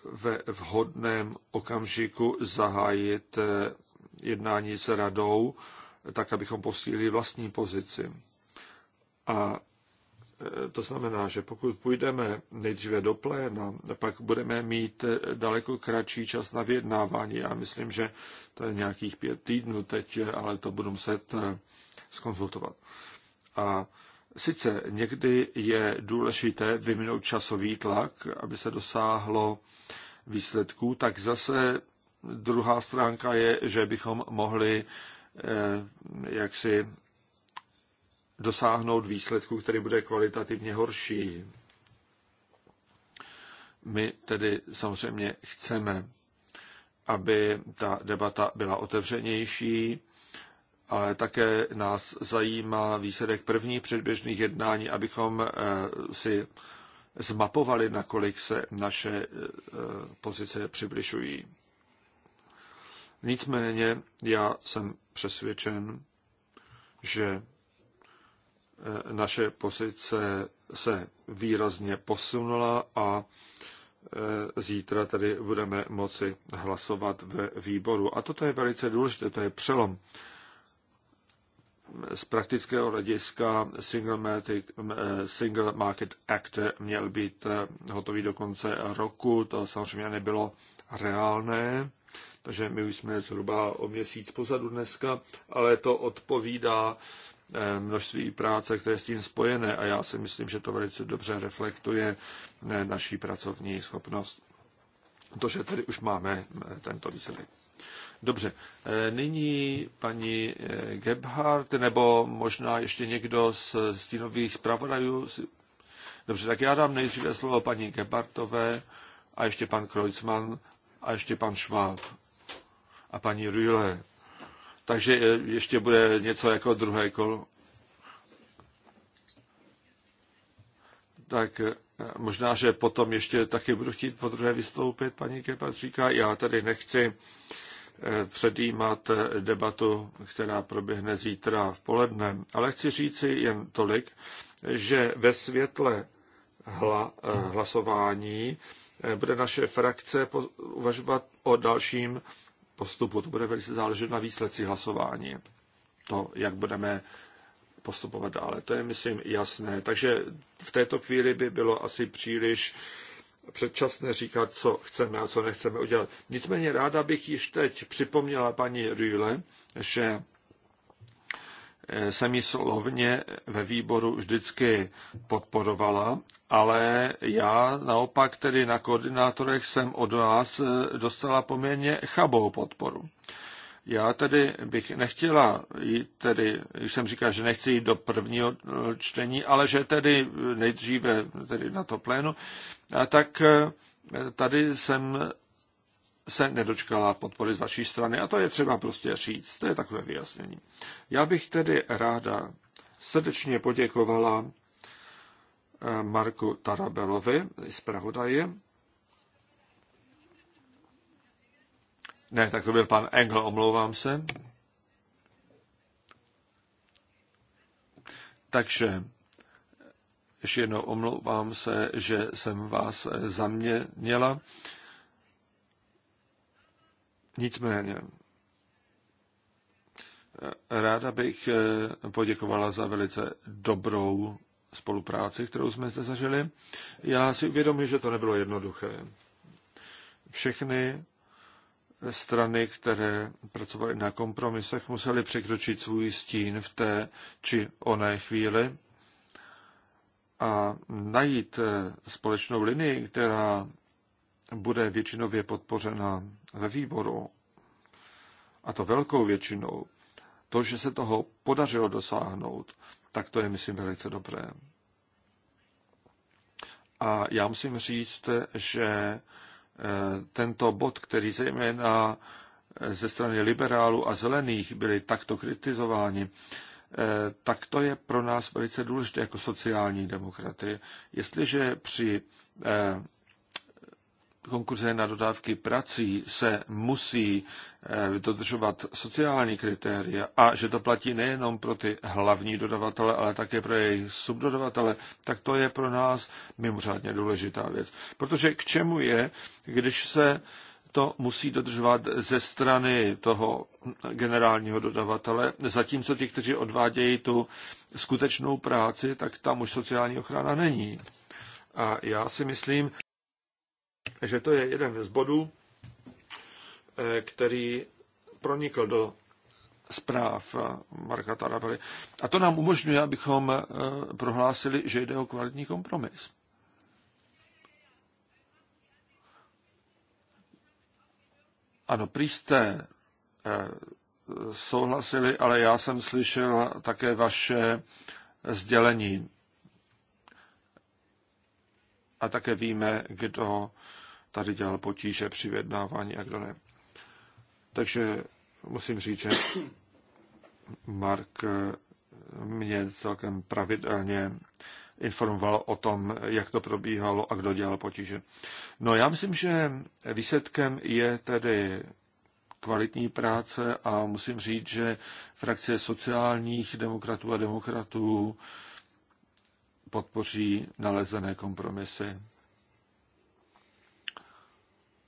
ve vhodném okamžiku zahájit jednání s radou tak abychom posílili vlastní pozici. A e, to znamená, že pokud půjdeme nejdříve do pléna, pak budeme mít e, daleko kratší čas na vyjednávání. Já myslím, že to je nějakých pět týdnů teď, ale to budu muset e, skonzultovat. A sice někdy je důležité vyvinout časový tlak, aby se dosáhlo výsledků, tak zase druhá stránka je, že bychom mohli Eh, jak si dosáhnout výsledku, který bude kvalitativně horší. My tedy samozřejmě chceme, aby ta debata byla otevřenější, ale také nás zajímá výsledek prvních předběžných jednání, abychom eh, si zmapovali, nakolik se naše eh, pozice přibližují. Nicméně já jsem přesvědčen, že e, naše pozice se výrazně posunula a e, zítra tady budeme moci hlasovat ve výboru. A toto je velice důležité, to je přelom. Z praktického hlediska Single Market, Single Market Act měl být e, hotový do konce roku, to samozřejmě nebylo reálné takže my už jsme zhruba o měsíc pozadu dneska, ale to odpovídá eh, množství práce, které je s tím spojené a já si myslím, že to velice dobře reflektuje eh, naší pracovní schopnost. To, že tady už máme eh, tento výsledek. Dobře, nyní paní Gebhardt, nebo možná ještě někdo z stínových zpravodajů. Dobře, tak já dám nejdříve slovo paní Gebhardtové a ještě pan Kreuzmann a ještě pan Schwab a paní Rühle. Takže e, ještě bude něco jako druhé kolo. Tak e, možná, že potom ještě taky budu chtít po druhé vystoupit, paní Kepat říká, já tady nechci e, předjímat debatu, která proběhne zítra v poledne, ale chci říci jen tolik, že ve světle hla, hlasování bude naše frakce uvažovat o dalším postupu. To bude velice záležet na výsledcích hlasování. To, jak budeme postupovat dále. To je, myslím, jasné. Takže v této chvíli by bylo asi příliš předčasné říkat, co chceme a co nechceme udělat. Nicméně ráda bych již teď připomněla paní Rühle, že jsem ji slovně ve výboru vždycky podporovala, ale já naopak tedy na koordinátorech jsem od vás e, dostala poměrně chabou podporu. Já tedy bych nechtěla jít tedy, když jsem říkal, že nechci jít do prvního e, čtení, ale že tedy nejdříve tedy na to plénu, tak e, tady jsem se nedočkala podpory z vaší strany. A to je třeba prostě říct. To je takové vyjasnění. Já bych tedy ráda srdečně poděkovala eh, Marku Tarabelovi, zpravodaji. Ne, tak to byl pan Engel, omlouvám se. Takže ještě jednou omlouvám se, že jsem vás eh, zaměnila. Nicméně, ráda bych eh, poděkovala za velice dobrou spolupráci, kterou jsme zde zažili. Já si uvědomuji, že to nebylo jednoduché. Všechny strany, které pracovaly na kompromisech, museli překročit svůj stín v té či oné chvíli a najít eh, společnou linii, která bude většinově podpořena ve výboru, a to velkou většinou, to, že se toho podařilo dosáhnout, tak to je, myslím, velice dobré. A já musím říct, že eh, tento bod, který zejména eh, ze strany liberálů a zelených byli takto kritizováni, eh, tak to je pro nás velice důležité jako sociální demokraty. Jestliže při konkurze na dodávky prací se musí eh, dodržovat sociální kritéria a že to platí nejenom pro ty hlavní dodavatele, ale také pro jejich subdodavatele, tak to je pro nás mimořádně důležitá věc. Protože k čemu je, když se to musí dodržovat ze strany toho generálního dodavatele, zatímco ti, kteří odvádějí tu skutečnou práci, tak tam už sociální ochrana není. A já si myslím, takže to je jeden z bodů, eh, který pronikl do zpráv eh, Marka Tarabely. A to nám umožňuje, abychom eh, prohlásili, že jde o kvalitní kompromis. Ano, prý jste souhlasili, ale já jsem slyšel také vaše sdělení. A také víme, kdo tady dělal potíže při vyjednávání a kdo ne. Takže musím říct, že Mark mě celkem pravidelně informoval o tom, jak to probíhalo a kdo dělal potíže. No já myslím, že výsledkem je tedy kvalitní práce a musím říct, že frakce sociálních demokratů a demokratů podpoří nalezené kompromisy.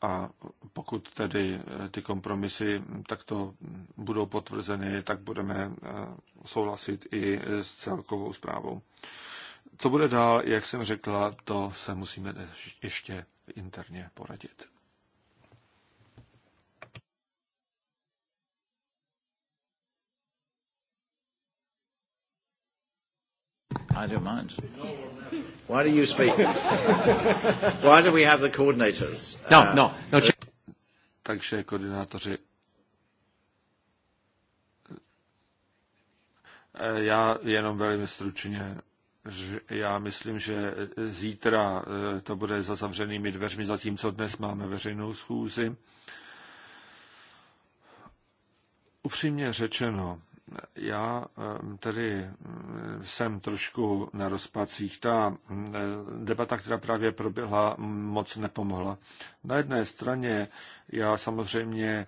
A pokud tedy eh, ty kompromisy hm, takto budou potvrzeny, tak budeme eh, souhlasit i s celkovou zprávou. Co bude dál, jak jsem řekla, to se musíme ještě interně poradit. I don't mind. Why do you speak? Why do we have the coordinators? No, uh, no, no. Či... Takže koordinátoři. Eh, já jenom velmi stručně. Já myslím, že eh, zítra eh, to bude za zavřenými dveřmi, zatímco dnes máme veřejnou schůzi. Upřímně řečeno, já eh, tedy eh, jsem trošku na rozpacích. Ta eh, debata, která právě proběhla, moc nepomohla. Na jedné straně já samozřejmě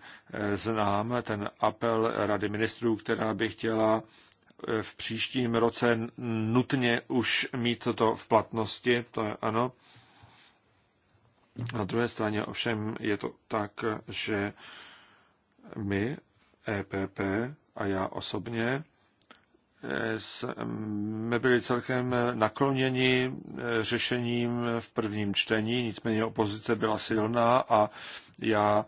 znám ten apel Rady ministrů, která by chtěla v příštím roce nutně už mít toto v platnosti, to je ano. Na druhé straně ovšem je to tak, že my, EPP, a já osobně eh, jsme byli celkem nakloněni eh, řešením v prvním čtení, nicméně opozice byla silná a já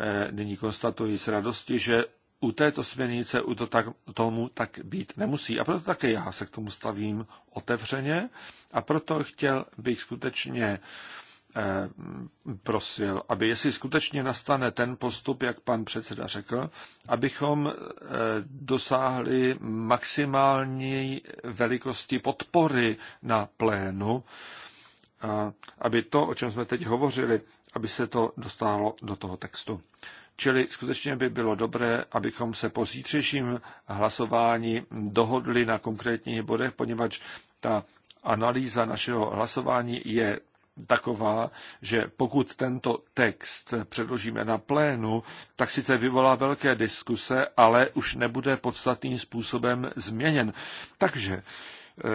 eh, nyní konstatuji s radostí, že u této směrnice u to tak, tomu tak být nemusí. A proto také já se k tomu stavím otevřeně a proto chtěl bych skutečně eh, Eh, prosil, aby jestli skutečně nastane ten postup, jak pan předseda řekl, abychom eh, dosáhli maximální velikosti podpory na plénu, aby to, o čem jsme teď hovořili, aby se to dostalo do toho textu. Čili skutečně by bylo dobré, abychom se po zítřejším hlasování dohodli na konkrétních bodech, poněvadž ta analýza našeho hlasování je taková, že pokud tento text předložíme na plénu, tak sice vyvolá velké diskuse, ale už nebude podstatným způsobem změněn. Takže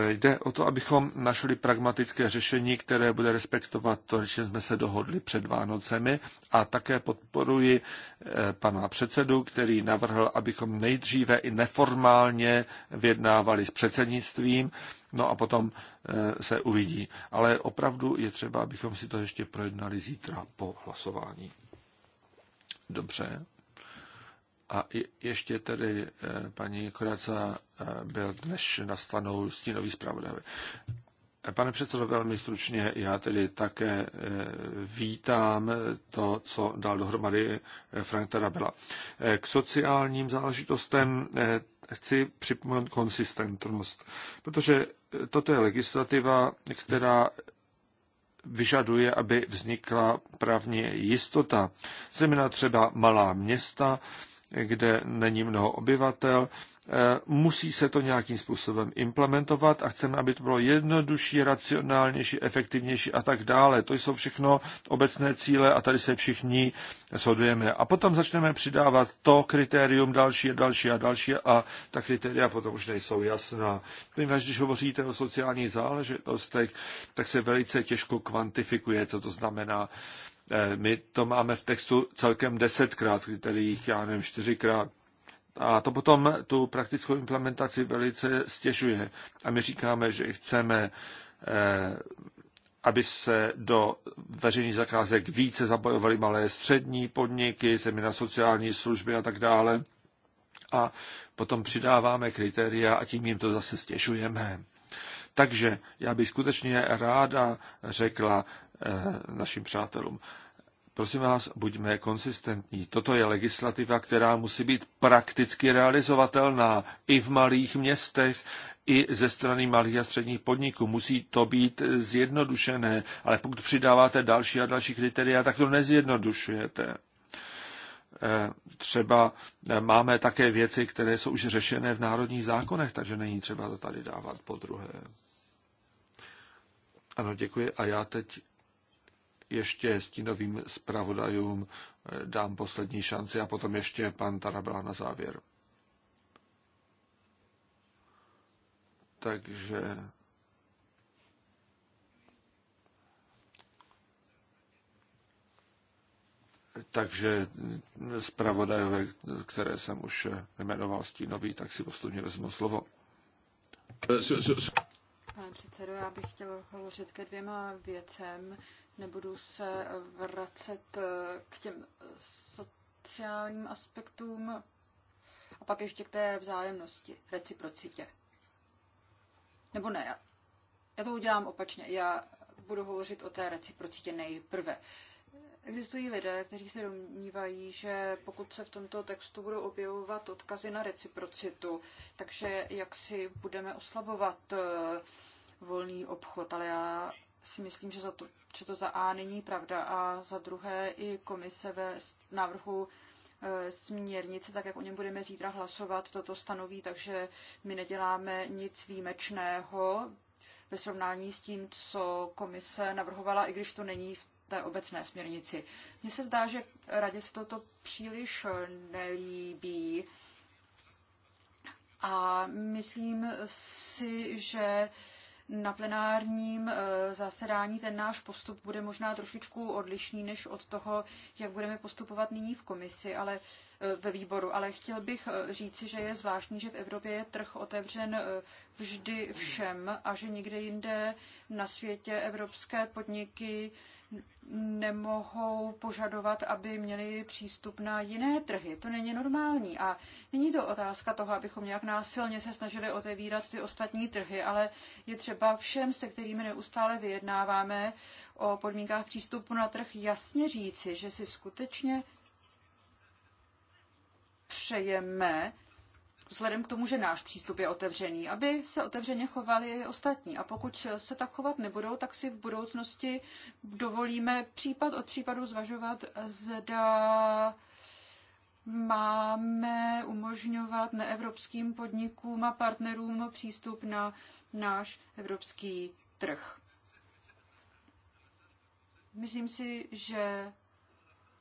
Jde o to, abychom našli pragmatické řešení, které bude respektovat to, že jsme se dohodli před Vánocemi a také podporuji eh, pana předsedu, který navrhl, abychom nejdříve i neformálně vyjednávali s předsednictvím, no a potom eh, se uvidí. Ale opravdu je třeba, abychom si to ještě projednali zítra po hlasování. Dobře. A ještě tedy eh, paní Koraca eh, byl, na nastanou stínový zpravodaj. Pane předsedo, velmi stručně, já tedy také eh, vítám to, co dal dohromady Frank Tarabela. K sociálním záležitostem chci připomenout konsistentnost, protože toto je legislativa, která vyžaduje, aby vznikla právně jistota. Zejména třeba malá města, kde není mnoho obyvatel. E, musí se to nějakým způsobem implementovat a chceme, aby to bylo jednodušší, racionálnější, efektivnější a tak dále. To jsou všechno obecné cíle a tady se všichni shodujeme. A potom začneme přidávat to kritérium další a další a další a ta kritéria potom už nejsou jasná. Poněvadž když hovoříte o sociálních záležitostech, tak se velice těžko kvantifikuje, co to znamená. Eh, my to máme v textu celkem desetkrát, tedy jich, já nevím, čtyřikrát. A to potom tu praktickou implementaci velice stěžuje. A my říkáme, že chceme, eh, aby se do veřejných zakázek více zabojovaly malé střední podniky, zejména sociální služby a tak dále. A potom přidáváme kritéria a tím jim to zase stěžujeme. Takže já bych skutečně ráda řekla, Eh, našim přátelům. Prosím vás, buďme konsistentní. Toto je legislativa, která musí být prakticky realizovatelná i v malých městech, i ze strany malých a středních podniků. Musí to být zjednodušené, ale pokud přidáváte další a další kritéria, tak to nezjednodušujete. Eh, třeba eh, máme také věci, které jsou už řešené v národních zákonech, takže není třeba to tady dávat po druhé. Ano, děkuji. A já teď ještě stínovým zpravodajům eh, dám poslední šanci a potom ještě pan Tarabela na závěr. Takže takže zpravodajové, které jsem už jmenoval stínový, tak si postupně vezmu slovo. Eh, Pane předsedo, já bych chtěl hovořit ke dvěma věcem. Nebudu se vracet eh, k těm eh, sociálním aspektům a pak ještě k té vzájemnosti, reciprocitě. Nebo ne, já to udělám opačně. Já budu hovořit o té reciprocitě nejprve. Uh, Existují lidé, kteří se domnívají, že pokud se v tomto textu budou objevovat odkazy na reciprocitu, takže jak si budeme oslabovat eh, volný obchod, ale já si myslím, že, za to, že to za A není pravda a za druhé i komise ve návrhu eh, směrnice, tak jak o něm budeme zítra hlasovat, toto stanoví, takže my neděláme nic výjimečného ve srovnání s tím, co komise navrhovala, i když to není v té obecné směrnici. Mně se zdá, že radě se toto příliš nelíbí a myslím si, že na plenárním eh, zasedání ten náš postup bude možná trošičku odlišný než od toho, jak budeme postupovat nyní v komisi, ale eh, ve výboru. Ale chtěl bych eh, říci, že je zvláštní, že v Evropě je trh otevřen vždy všem a že nikde jinde na světě evropské podniky nemohou požadovat, aby měli přístup na jiné trhy. To není normální. A není to otázka toho, abychom nějak násilně se snažili otevírat ty ostatní trhy, ale je třeba všem, se kterými neustále vyjednáváme o podmínkách přístupu na trh, jasně říci, že si skutečně přejeme vzhledem k tomu, že náš přístup je otevřený, aby se otevřeně chovali i ostatní. A pokud se tak chovat nebudou, tak si v budoucnosti dovolíme případ od případu zvažovat, zda máme umožňovat neevropským podnikům a partnerům přístup na náš evropský trh. Myslím si, že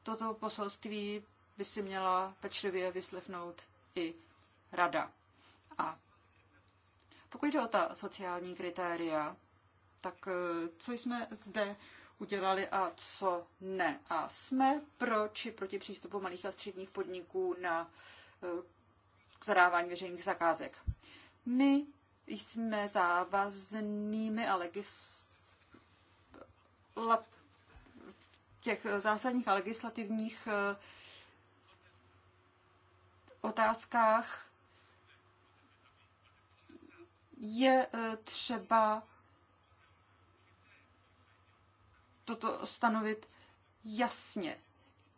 toto poselství by si měla pečlivě vyslechnout i rada. A pokud jde o ta sociální kritéria, tak eh, co jsme zde udělali a co ne. A jsme pro či proti přístupu malých a středních podniků na eh, k zadávání veřejných zakázek. My jsme závaznými a legis... těch zásadních a legislativních eh, otázkách je eh, třeba toto stanovit jasně.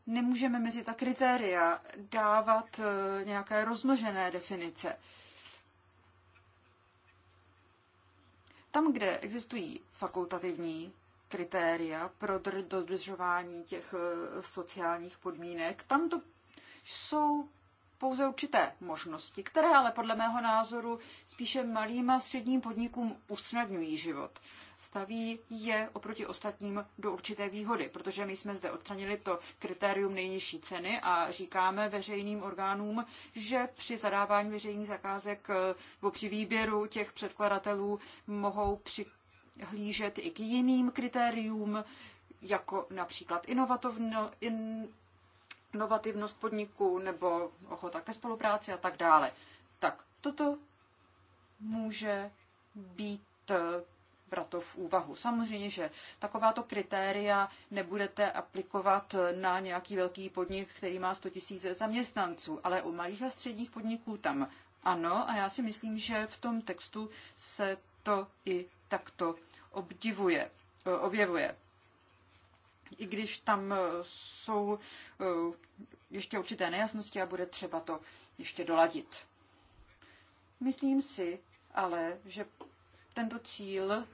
Nemůžeme mezi ta kritéria dávat eh, nějaké rozmožené definice. Tam, kde existují fakultativní kritéria pro dodržování těch eh, sociálních podmínek, tam to jsou pouze určité možnosti, které ale podle mého názoru spíše malým a středním podnikům usnadňují život. Staví je oproti ostatním do určité výhody, protože my jsme zde odstranili to kritérium nejnižší ceny a říkáme veřejným orgánům, že při zadávání veřejných zakázek nebo při výběru těch předkladatelů mohou přihlížet i k jiným kritériům, jako například inovativno, in, inovativnost podniků nebo ochota ke spolupráci a tak dále. Tak toto může být brato v úvahu. Samozřejmě, že takováto kritéria nebudete aplikovat na nějaký velký podnik, který má 100 000 zaměstnanců, ale u malých a středních podniků tam ano a já si myslím, že v tom textu se to i takto obdivuje, objevuje i když tam e, jsou e, ještě určité nejasnosti a bude třeba to ještě doladit. Myslím si ale, že tento cíl,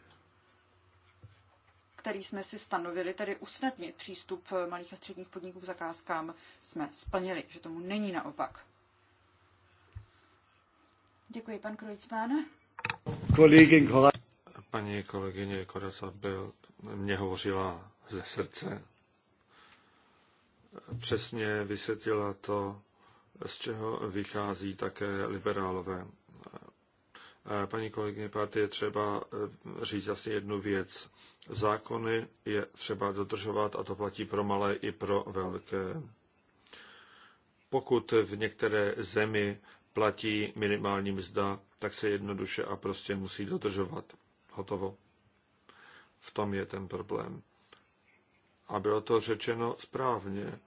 který jsme si stanovili, tedy usnadnit přístup e, malých a středních podniků k zakázkám, jsme splnili, že tomu není naopak. Děkuji, pan Krojcman. Paní kolegyně Koraca byl, mě hovořila ze srdce. Přesně vysvětlila to, z čeho vychází také liberálové. Paní kolegyně Páty, je třeba eh, říct asi jednu věc. Zákony je třeba dodržovat a to platí pro malé i pro velké. Pokud v některé zemi platí minimální mzda, tak se jednoduše a prostě musí dodržovat. Hotovo. V tom je ten problém a bylo to řečeno správně.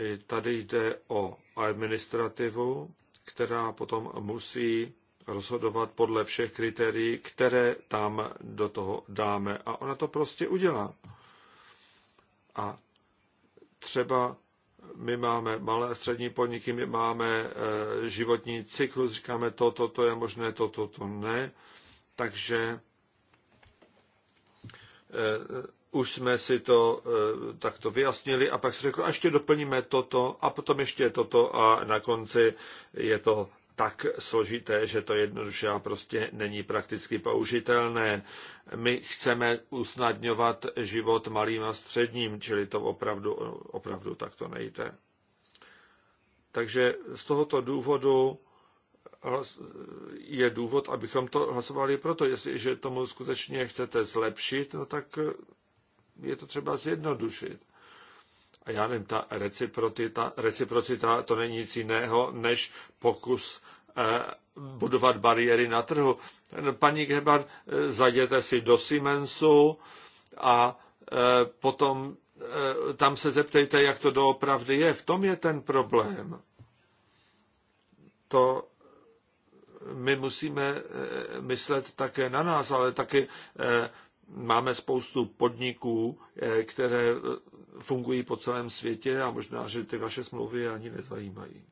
I tady jde o administrativu, která potom musí rozhodovat podle všech kritérií, které tam do toho dáme. A ona to prostě udělá. A třeba my máme malé a střední podniky, my máme eh, životní cyklus, říkáme to, to, to je možné, to, to, to ne. Takže eh, už jsme si to eh, takto vyjasnili a pak si řekl, a ještě doplníme toto a potom ještě toto a na konci je to tak složité, že to jednoduše a prostě není prakticky použitelné. My chceme usnadňovat život malým a středním, čili to opravdu, opravdu tak to nejde. Takže z tohoto důvodu je důvod, abychom to hlasovali proto. Jestliže tomu skutečně chcete zlepšit, no tak je to třeba zjednodušit. A já nevím, ta reciprocita, reciprocita to není nic jiného, než pokus eh, budovat bariéry na trhu. Paní eh, zajděte si do Siemensu a eh, potom eh, tam se zeptejte, jak to doopravdy je. V tom je ten problém. To my musíme myslet také na nás, ale taky máme spoustu podniků, eh, které eh, fungují po celém světě a možná, že ty vaše smlouvy ani nezajímají.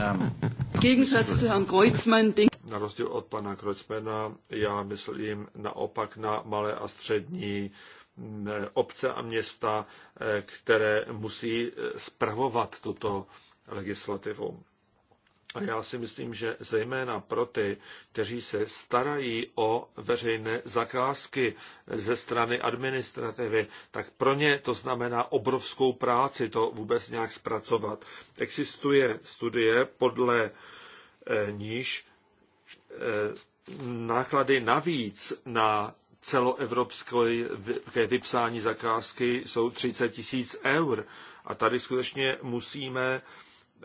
Hm. Na rozdíl od pana Kreuzmana, já myslím naopak na malé a střední mm, obce a města, eh, které musí spravovat tuto legislativu. A já si myslím, že zejména pro ty, kteří se starají o veřejné zakázky ze strany administrativy, tak pro ně to znamená obrovskou práci to vůbec nějak zpracovat. Existuje studie, podle eh, níž eh, náklady navíc na celoevropské vypsání zakázky jsou 30 tisíc eur. A tady skutečně musíme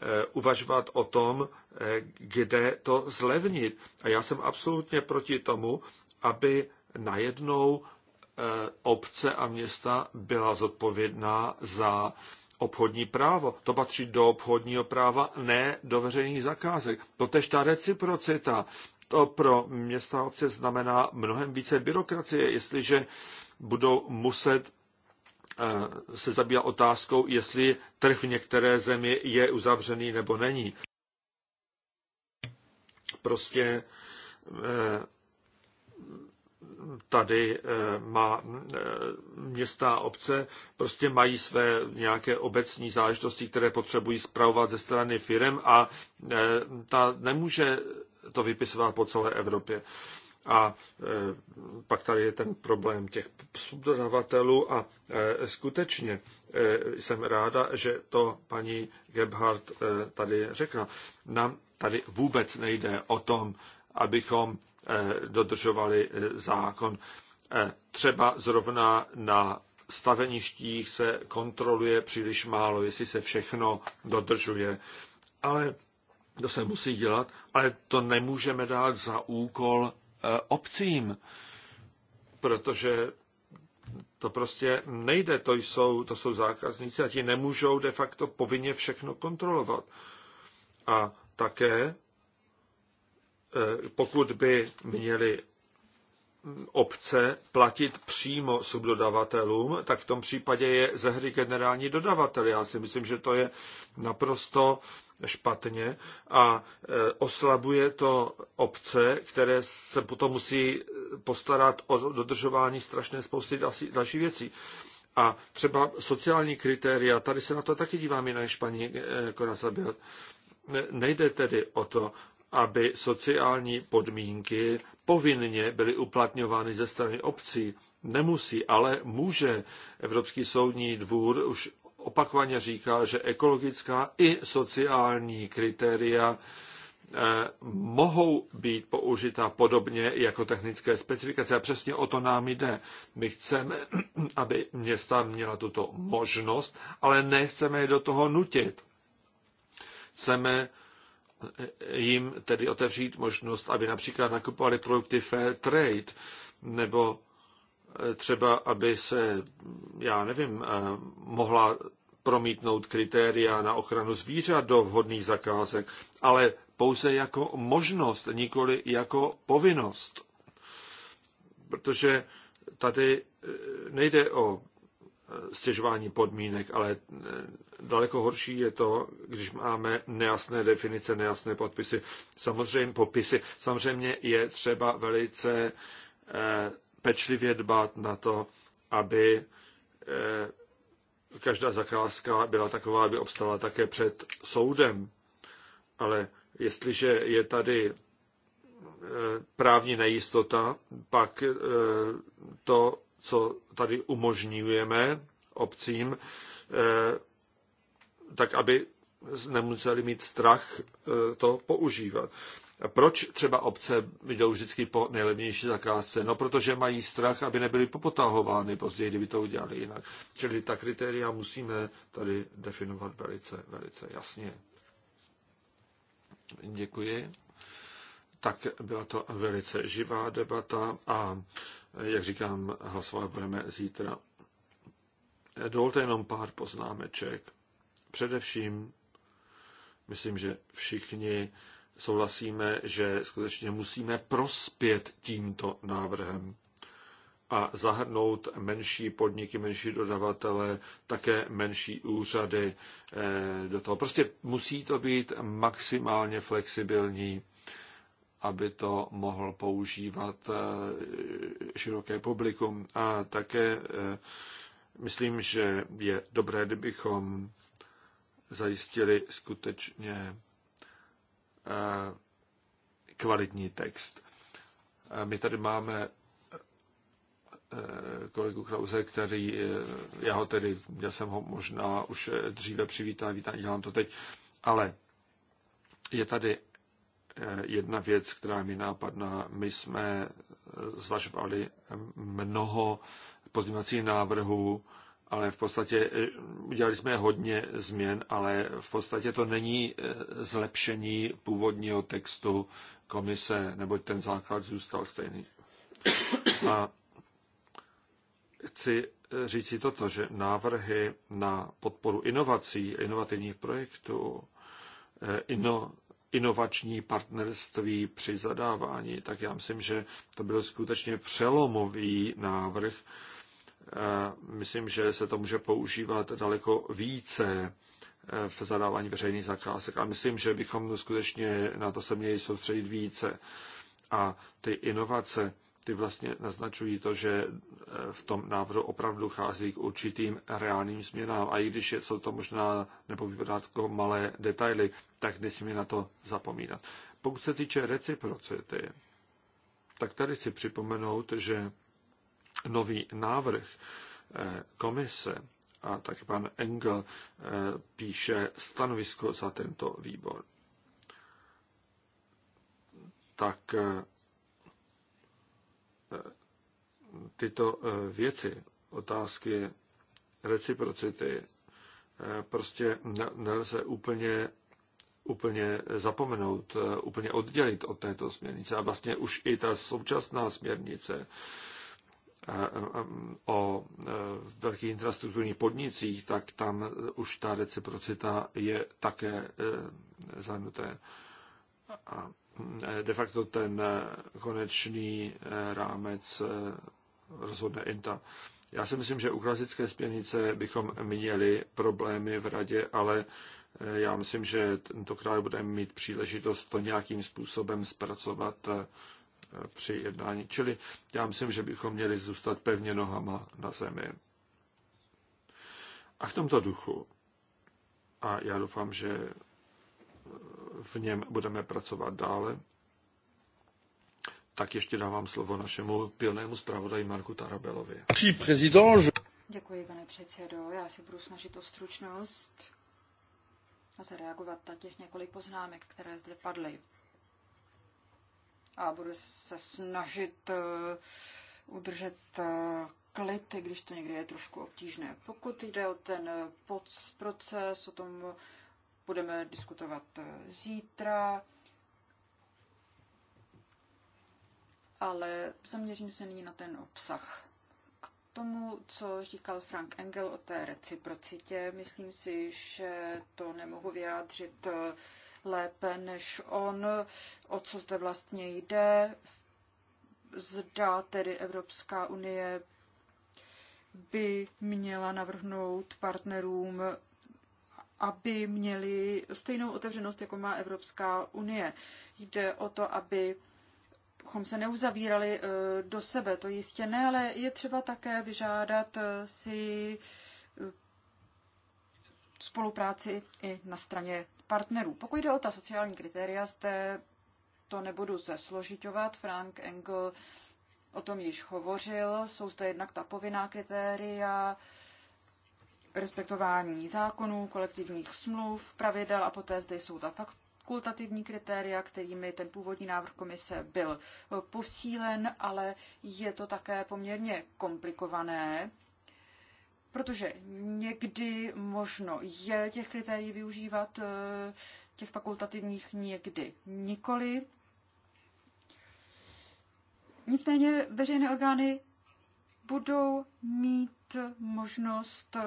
Eh, uvažovat o tom, eh, kde to zlevnit. A já jsem absolutně proti tomu, aby najednou eh, obce a města byla zodpovědná za obchodní právo. To patří do obchodního práva, ne do veřejných zakázek. Totež ta reciprocita, to pro města a obce znamená mnohem více byrokracie, jestliže budou muset se zabývá otázkou, jestli trh v některé zemi je uzavřený nebo není. Prostě eh, tady eh, má eh, města a obce, prostě mají své nějaké obecní záležitosti, které potřebují zpravovat ze strany firm a ta nemůže to vypisovat po celé Evropě. A e, pak tady je ten problém těch subdodavatelů a e, skutečně e, jsem ráda, že to paní Gebhardt tady řekla. Nám tady vůbec nejde o tom, abychom dodržovali zákon. Třeba zrovna na staveništích se kontroluje příliš málo, jestli se všechno dodržuje. Ale to se musí dělat, ale to nemůžeme dát za úkol Eh, obcím, protože to prostě nejde, to jsou, to jsou zákazníci a ti nemůžou de facto povinně všechno kontrolovat. A také, eh, pokud by měli obce platit přímo subdodavatelům, tak v tom případě je ze hry generální dodavatel. Já si myslím, že to je naprosto špatně a e, oslabuje to obce, které se potom musí postarat o dodržování strašné spousty dalších věcí. A třeba sociální kritéria, tady se na to taky dívám jinak než paní e, Korasabiot. Nejde tedy o to, aby sociální podmínky povinně byly uplatňovány ze strany obcí. Nemusí, ale může. Evropský soudní dvůr už opakovaně říkal, že ekologická i sociální kritéria eh, mohou být použita podobně jako technické specifikace. A přesně o to nám jde. My chceme, aby města měla tuto možnost, ale nechceme je do toho nutit. Chceme eh, jim tedy otevřít možnost, aby například nakupovali produkty fair trade nebo třeba, aby se, já nevím, eh, mohla promítnout kritéria na ochranu zvířat do vhodných zakázek, ale pouze jako možnost, nikoli jako povinnost. Protože tady eh, nejde o eh, stěžování podmínek, ale daleko horší je to, když máme nejasné definice, nejasné podpisy, samozřejmě popisy. Samozřejmě je třeba velice pečlivě dbát na to, aby eh, každá zakázka byla taková, aby obstala také před soudem. Ale jestliže je tady eh, právní nejistota, pak eh, to, co tady umožňujeme obcím, tak aby nemuseli mít strach to používat. Proč třeba obce jdou vždycky po nejlevnější zakázce? No, protože mají strach, aby nebyly popotahovány později, kdyby to udělali jinak. Čili ta kritéria musíme tady definovat velice, velice jasně. Děkuji. Tak byla to velice živá debata a, jak říkám, hlasovat budeme zítra. Dovolte jenom pár poznámeček. Především, myslím, že všichni souhlasíme, že skutečně musíme prospět tímto návrhem a zahrnout menší podniky, menší dodavatele, také menší úřady eh, do toho. Prostě musí to být maximálně flexibilní, aby to mohl používat eh, široké publikum. A také eh, myslím, že je dobré, kdybychom zajistili skutečně Eh, kvalitní text. My tady máme eh, kolegu Krause, který, eh, já ho tedy, já jsem ho možná už dříve přivítal, vítám, dělám to teď, ale je tady jedna věc, která mi nápadná. My jsme zvažovali mnoho pozměňovacích návrhů, ale v podstatě eh, udělali jsme hodně změn, ale v podstatě to není eh, zlepšení původního textu komise, neboť ten základ zůstal stejný. A chci eh, říci toto, že návrhy na podporu inovací, inovativních projektů, ino, inovační partnerství při zadávání, tak já myslím, že to byl skutečně přelomový návrh, myslím, že se to může používat daleko více eh, v zadávání veřejných zakázek. A myslím, že bychom skutečně na to se měli soustředit více. A ty inovace, ty vlastně naznačují to, že eh, v tom návrhu opravdu chází k určitým reálným změnám. A i když jsou to možná nebo vypadá jako malé detaily, tak nesmíme na to zapomínat. Pokud se týče reciprocity, tak tady si připomenout, že nový návrh eh, komise a taky pan Engel eh, píše stanovisko za tento výbor. Tak eh, tyto věci, otázky reciprocity, prostě nelze úplně úplně zapomenout, úplně oddělit od této směrnice. A vlastně už i ta současná směrnice o e, velkých infrastrukturních podnicích, tak tam už ta reciprocita je také e, zahrnuté. A e, de facto ten konečný rámec rozhodne INTA. Já si myslím, že u klasické směrnice bychom měli problémy v radě, ale já myslím, že tentokrát budeme mít příležitost to nějakým způsobem zpracovat při jednání. Čili já myslím, že bychom měli zůstat pevně nohama na zemi. A v tomto duchu, a já doufám, že v něm budeme pracovat dále, tak ještě dávám slovo našemu pilnému zpravodaji Marku Tarabelovi. Děkuji, pane předsedo. Já si budu snažit o stručnost a zareagovat na těch několik poznámek, které zde padly a budu se snažit eh, udržet eh, klid, i když to někdy je trošku obtížné. Pokud jde o ten eh, proces, o tom budeme diskutovat zítra, ale zaměřím se nyní na ten obsah. K tomu, co říkal Frank Engel o té reciprocitě, myslím si, že to nemohu vyjádřit uh, lépe než on, o co zde vlastně jde, zda tedy Evropská unie by měla navrhnout partnerům, aby měli stejnou otevřenost, jako má Evropská unie. Jde o to, aby bychom se neuzavírali eh, do sebe, to jistě ne, ale je třeba také vyžádat eh, si eh, spolupráci i na straně partnerů. Pokud jde o ta sociální kritéria, zde to nebudu zesložitovat. Frank Engel o tom již hovořil. Jsou zde jednak ta povinná kritéria, respektování zákonů, kolektivních smluv, pravidel a poté zde jsou ta kultativní kritéria, kterými ten původní návrh komise byl posílen, ale je to také poměrně komplikované protože někdy možno je těch kritérií využívat, eh, těch fakultativních někdy nikoli. Nicméně veřejné orgány budou mít možnost eh,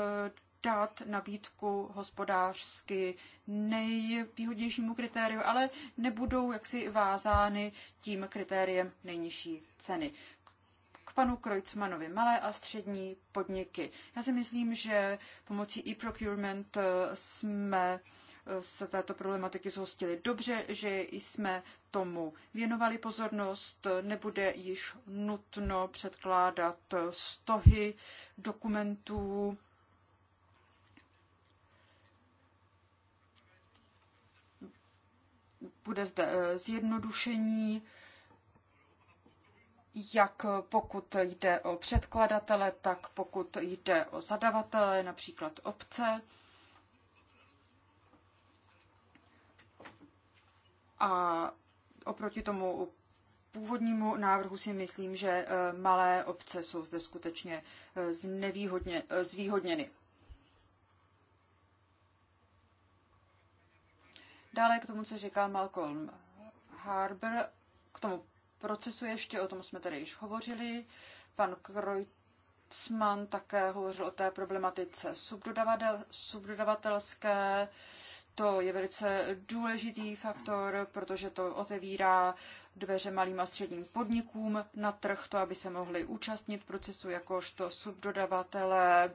dát nabídku hospodářsky nejvýhodnějšímu kritériu, ale nebudou jaksi vázány tím kritériem nejnižší ceny panu Krojcmanovi, malé a střední podniky. Já si myslím, že pomocí e-procurement eh, jsme eh, se této problematiky zhostili dobře, že jsme tomu věnovali pozornost, nebude již nutno předkládat stohy dokumentů. Bude zde eh, zjednodušení jak pokud jde o předkladatele, tak pokud jde o zadavatele, například obce. A oproti tomu původnímu návrhu si myslím, že eh, malé obce jsou zde skutečně eh, znevýhodně, eh, zvýhodněny. Dále k tomu, co říkal Malcolm Harbour, k tomu procesu ještě, o tom jsme tady již hovořili. Pan Kreutzmann také hovořil o té problematice subdodavatel, subdodavatelské. To je velice důležitý faktor, protože to otevírá dveře malým a středním podnikům na trh, to, aby se mohli účastnit procesu jakožto subdodavatelé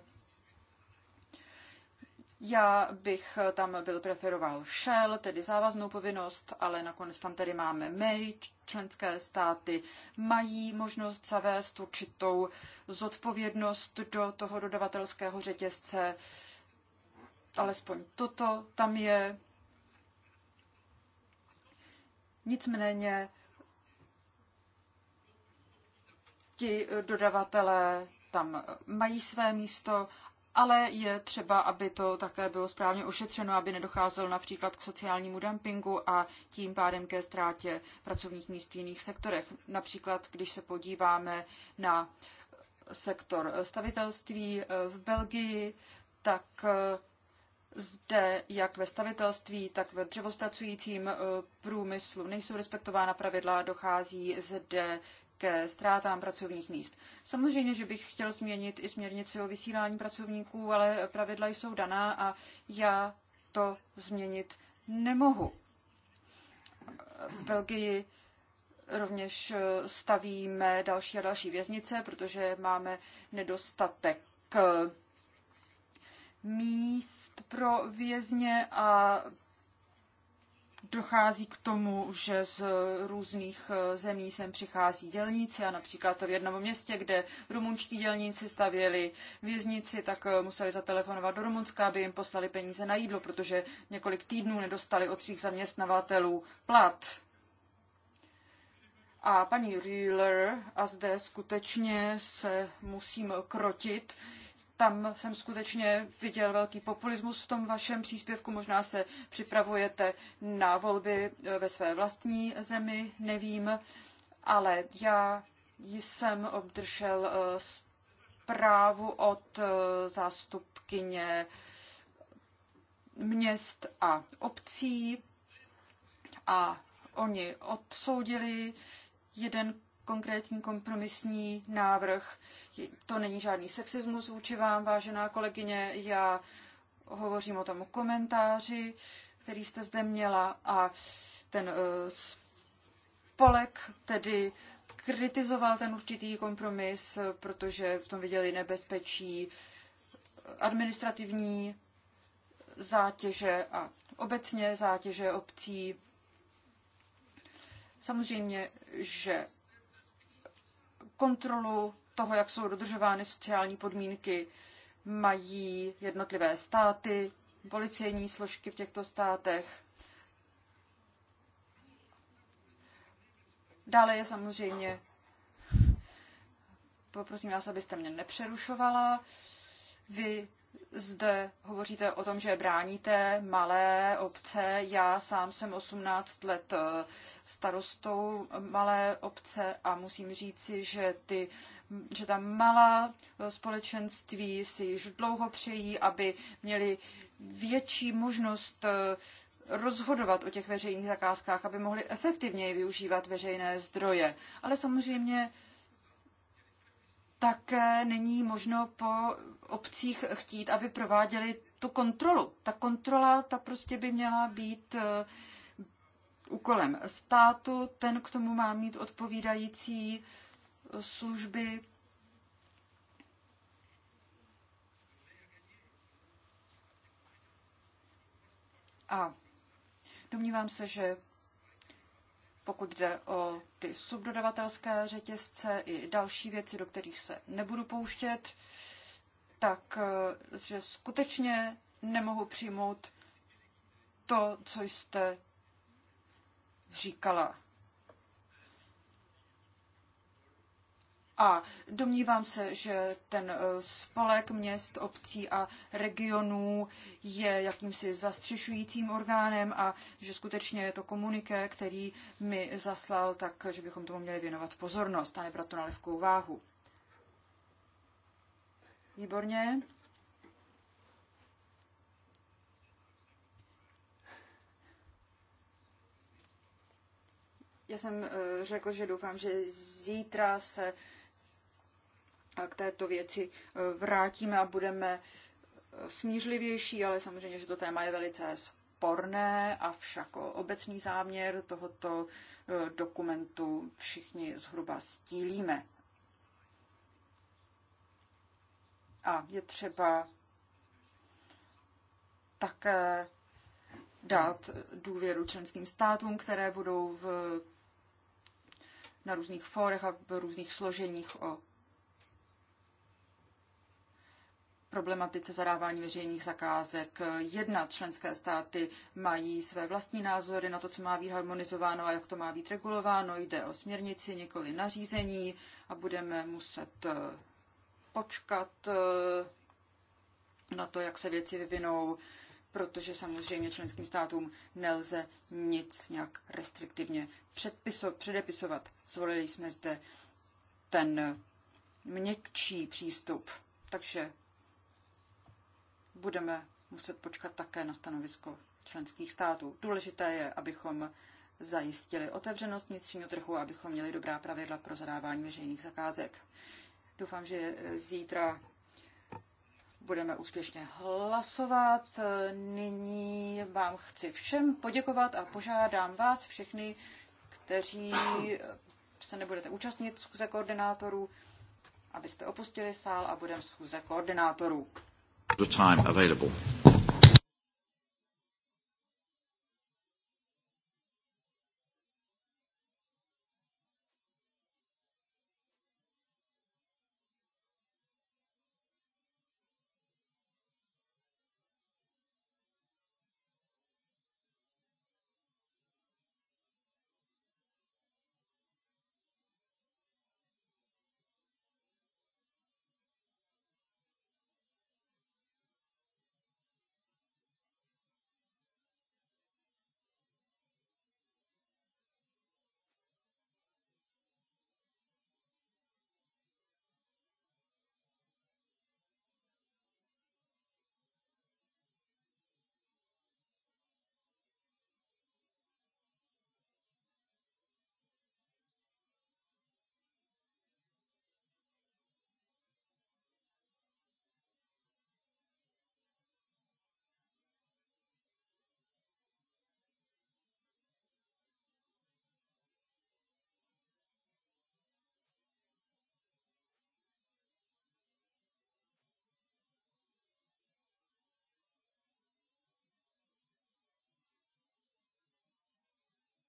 já bych tam byl preferoval shell, tedy závaznou povinnost, ale nakonec tam tedy máme my, členské státy mají možnost zavést určitou zodpovědnost do toho dodavatelského řetězce. Alespoň toto tam je. Nicméně ti dodavatelé tam mají své místo ale je třeba, aby to také bylo správně ošetřeno, aby nedocházelo například k sociálnímu dumpingu a tím pádem ke ztrátě pracovních míst v jiných sektorech. Například, když se podíváme na sektor stavitelství eh, v Belgii, tak eh, zde jak ve stavitelství, tak ve dřevospracujícím eh, průmyslu nejsou respektována pravidla, dochází zde ke ztrátám pracovních míst. Samozřejmě, že bych chtěl změnit i směrnici o vysílání pracovníků, ale pravidla jsou daná a já to změnit nemohu. V Belgii rovněž eh, stavíme další a další věznice, protože máme nedostatek eh, míst pro vězně a dochází k tomu, že z různých eh, zemí sem přichází dělníci a například v jednom městě, kde rumunští dělníci stavěli věznici, tak eh, museli zatelefonovat do Rumunska, aby jim poslali peníze na jídlo, protože několik týdnů nedostali od svých zaměstnavatelů plat. A paní Reeler, a zde skutečně se musím krotit, tam jsem skutečně viděl velký populismus v tom vašem příspěvku. Možná se připravujete na volby eh, ve své vlastní zemi, nevím. Ale já jsem obdržel eh, zprávu od eh, zástupkyně měst a obcí a oni odsoudili jeden konkrétní kompromisní návrh. To není žádný sexismus vůči vám, vážená kolegyně. Já hovořím o tom komentáři, který jste zde měla a ten eh, spolek tedy kritizoval ten určitý kompromis, protože v tom viděli nebezpečí eh, administrativní zátěže a obecně zátěže obcí. Samozřejmě, že kontrolu toho, jak jsou dodržovány sociální podmínky, mají jednotlivé státy, policejní složky v těchto státech. Dále je samozřejmě, poprosím vás, abyste mě nepřerušovala, vy zde hovoříte o tom, že bráníte malé obce. Já sám jsem 18 let eh, starostou malé obce a musím říci, že, ty, že ta malá eh, společenství si již dlouho přejí, aby měli větší možnost eh, rozhodovat o těch veřejných zakázkách, aby mohli efektivněji využívat veřejné zdroje. Ale samozřejmě také není možno po obcích chtít, aby prováděli tu kontrolu. Ta kontrola, ta prostě by měla být eh, úkolem státu, ten k tomu má mít odpovídající eh, služby. A domnívám se, že pokud jde o ty subdodavatelské řetězce i další věci, do kterých se nebudu pouštět, tak eh, že skutečně nemohu přijmout to, co jste říkala. A domnívám se, že ten e, spolek měst, obcí a regionů je jakýmsi zastřešujícím orgánem a že skutečně je to komuniké, který mi zaslal, tak že bychom tomu měli věnovat pozornost a nebrat to na lehkou váhu. Výborně. Já jsem e, řekl, že doufám, že zítra se k této věci eh, vrátíme a budeme eh, smířlivější, ale samozřejmě, že to téma je velice sporné, avšak obecný záměr tohoto eh, dokumentu všichni zhruba stílíme. A je třeba také dát důvěru členským státům, které budou v, na různých fórech a v různých složeních o problematice zadávání veřejných zakázek jednat. Členské státy mají své vlastní názory na to, co má být harmonizováno a jak to má být regulováno. Jde o směrnici, nikoli nařízení a budeme muset eh, počkat eh, na to, jak se věci vyvinou, protože samozřejmě členským státům nelze nic nějak restriktivně předpiso- předepisovat. Zvolili jsme zde ten měkčí přístup. Takže budeme muset počkat také na stanovisko členských států. Důležité je, abychom zajistili otevřenost vnitřního trhu abychom měli dobrá pravidla pro zadávání veřejných zakázek. Doufám, že zítra budeme úspěšně hlasovat. Nyní vám chci všem poděkovat a požádám vás všechny, kteří se nebudete účastnit schůze koordinátorů, abyste opustili sál a budeme schůze koordinátorů the time available.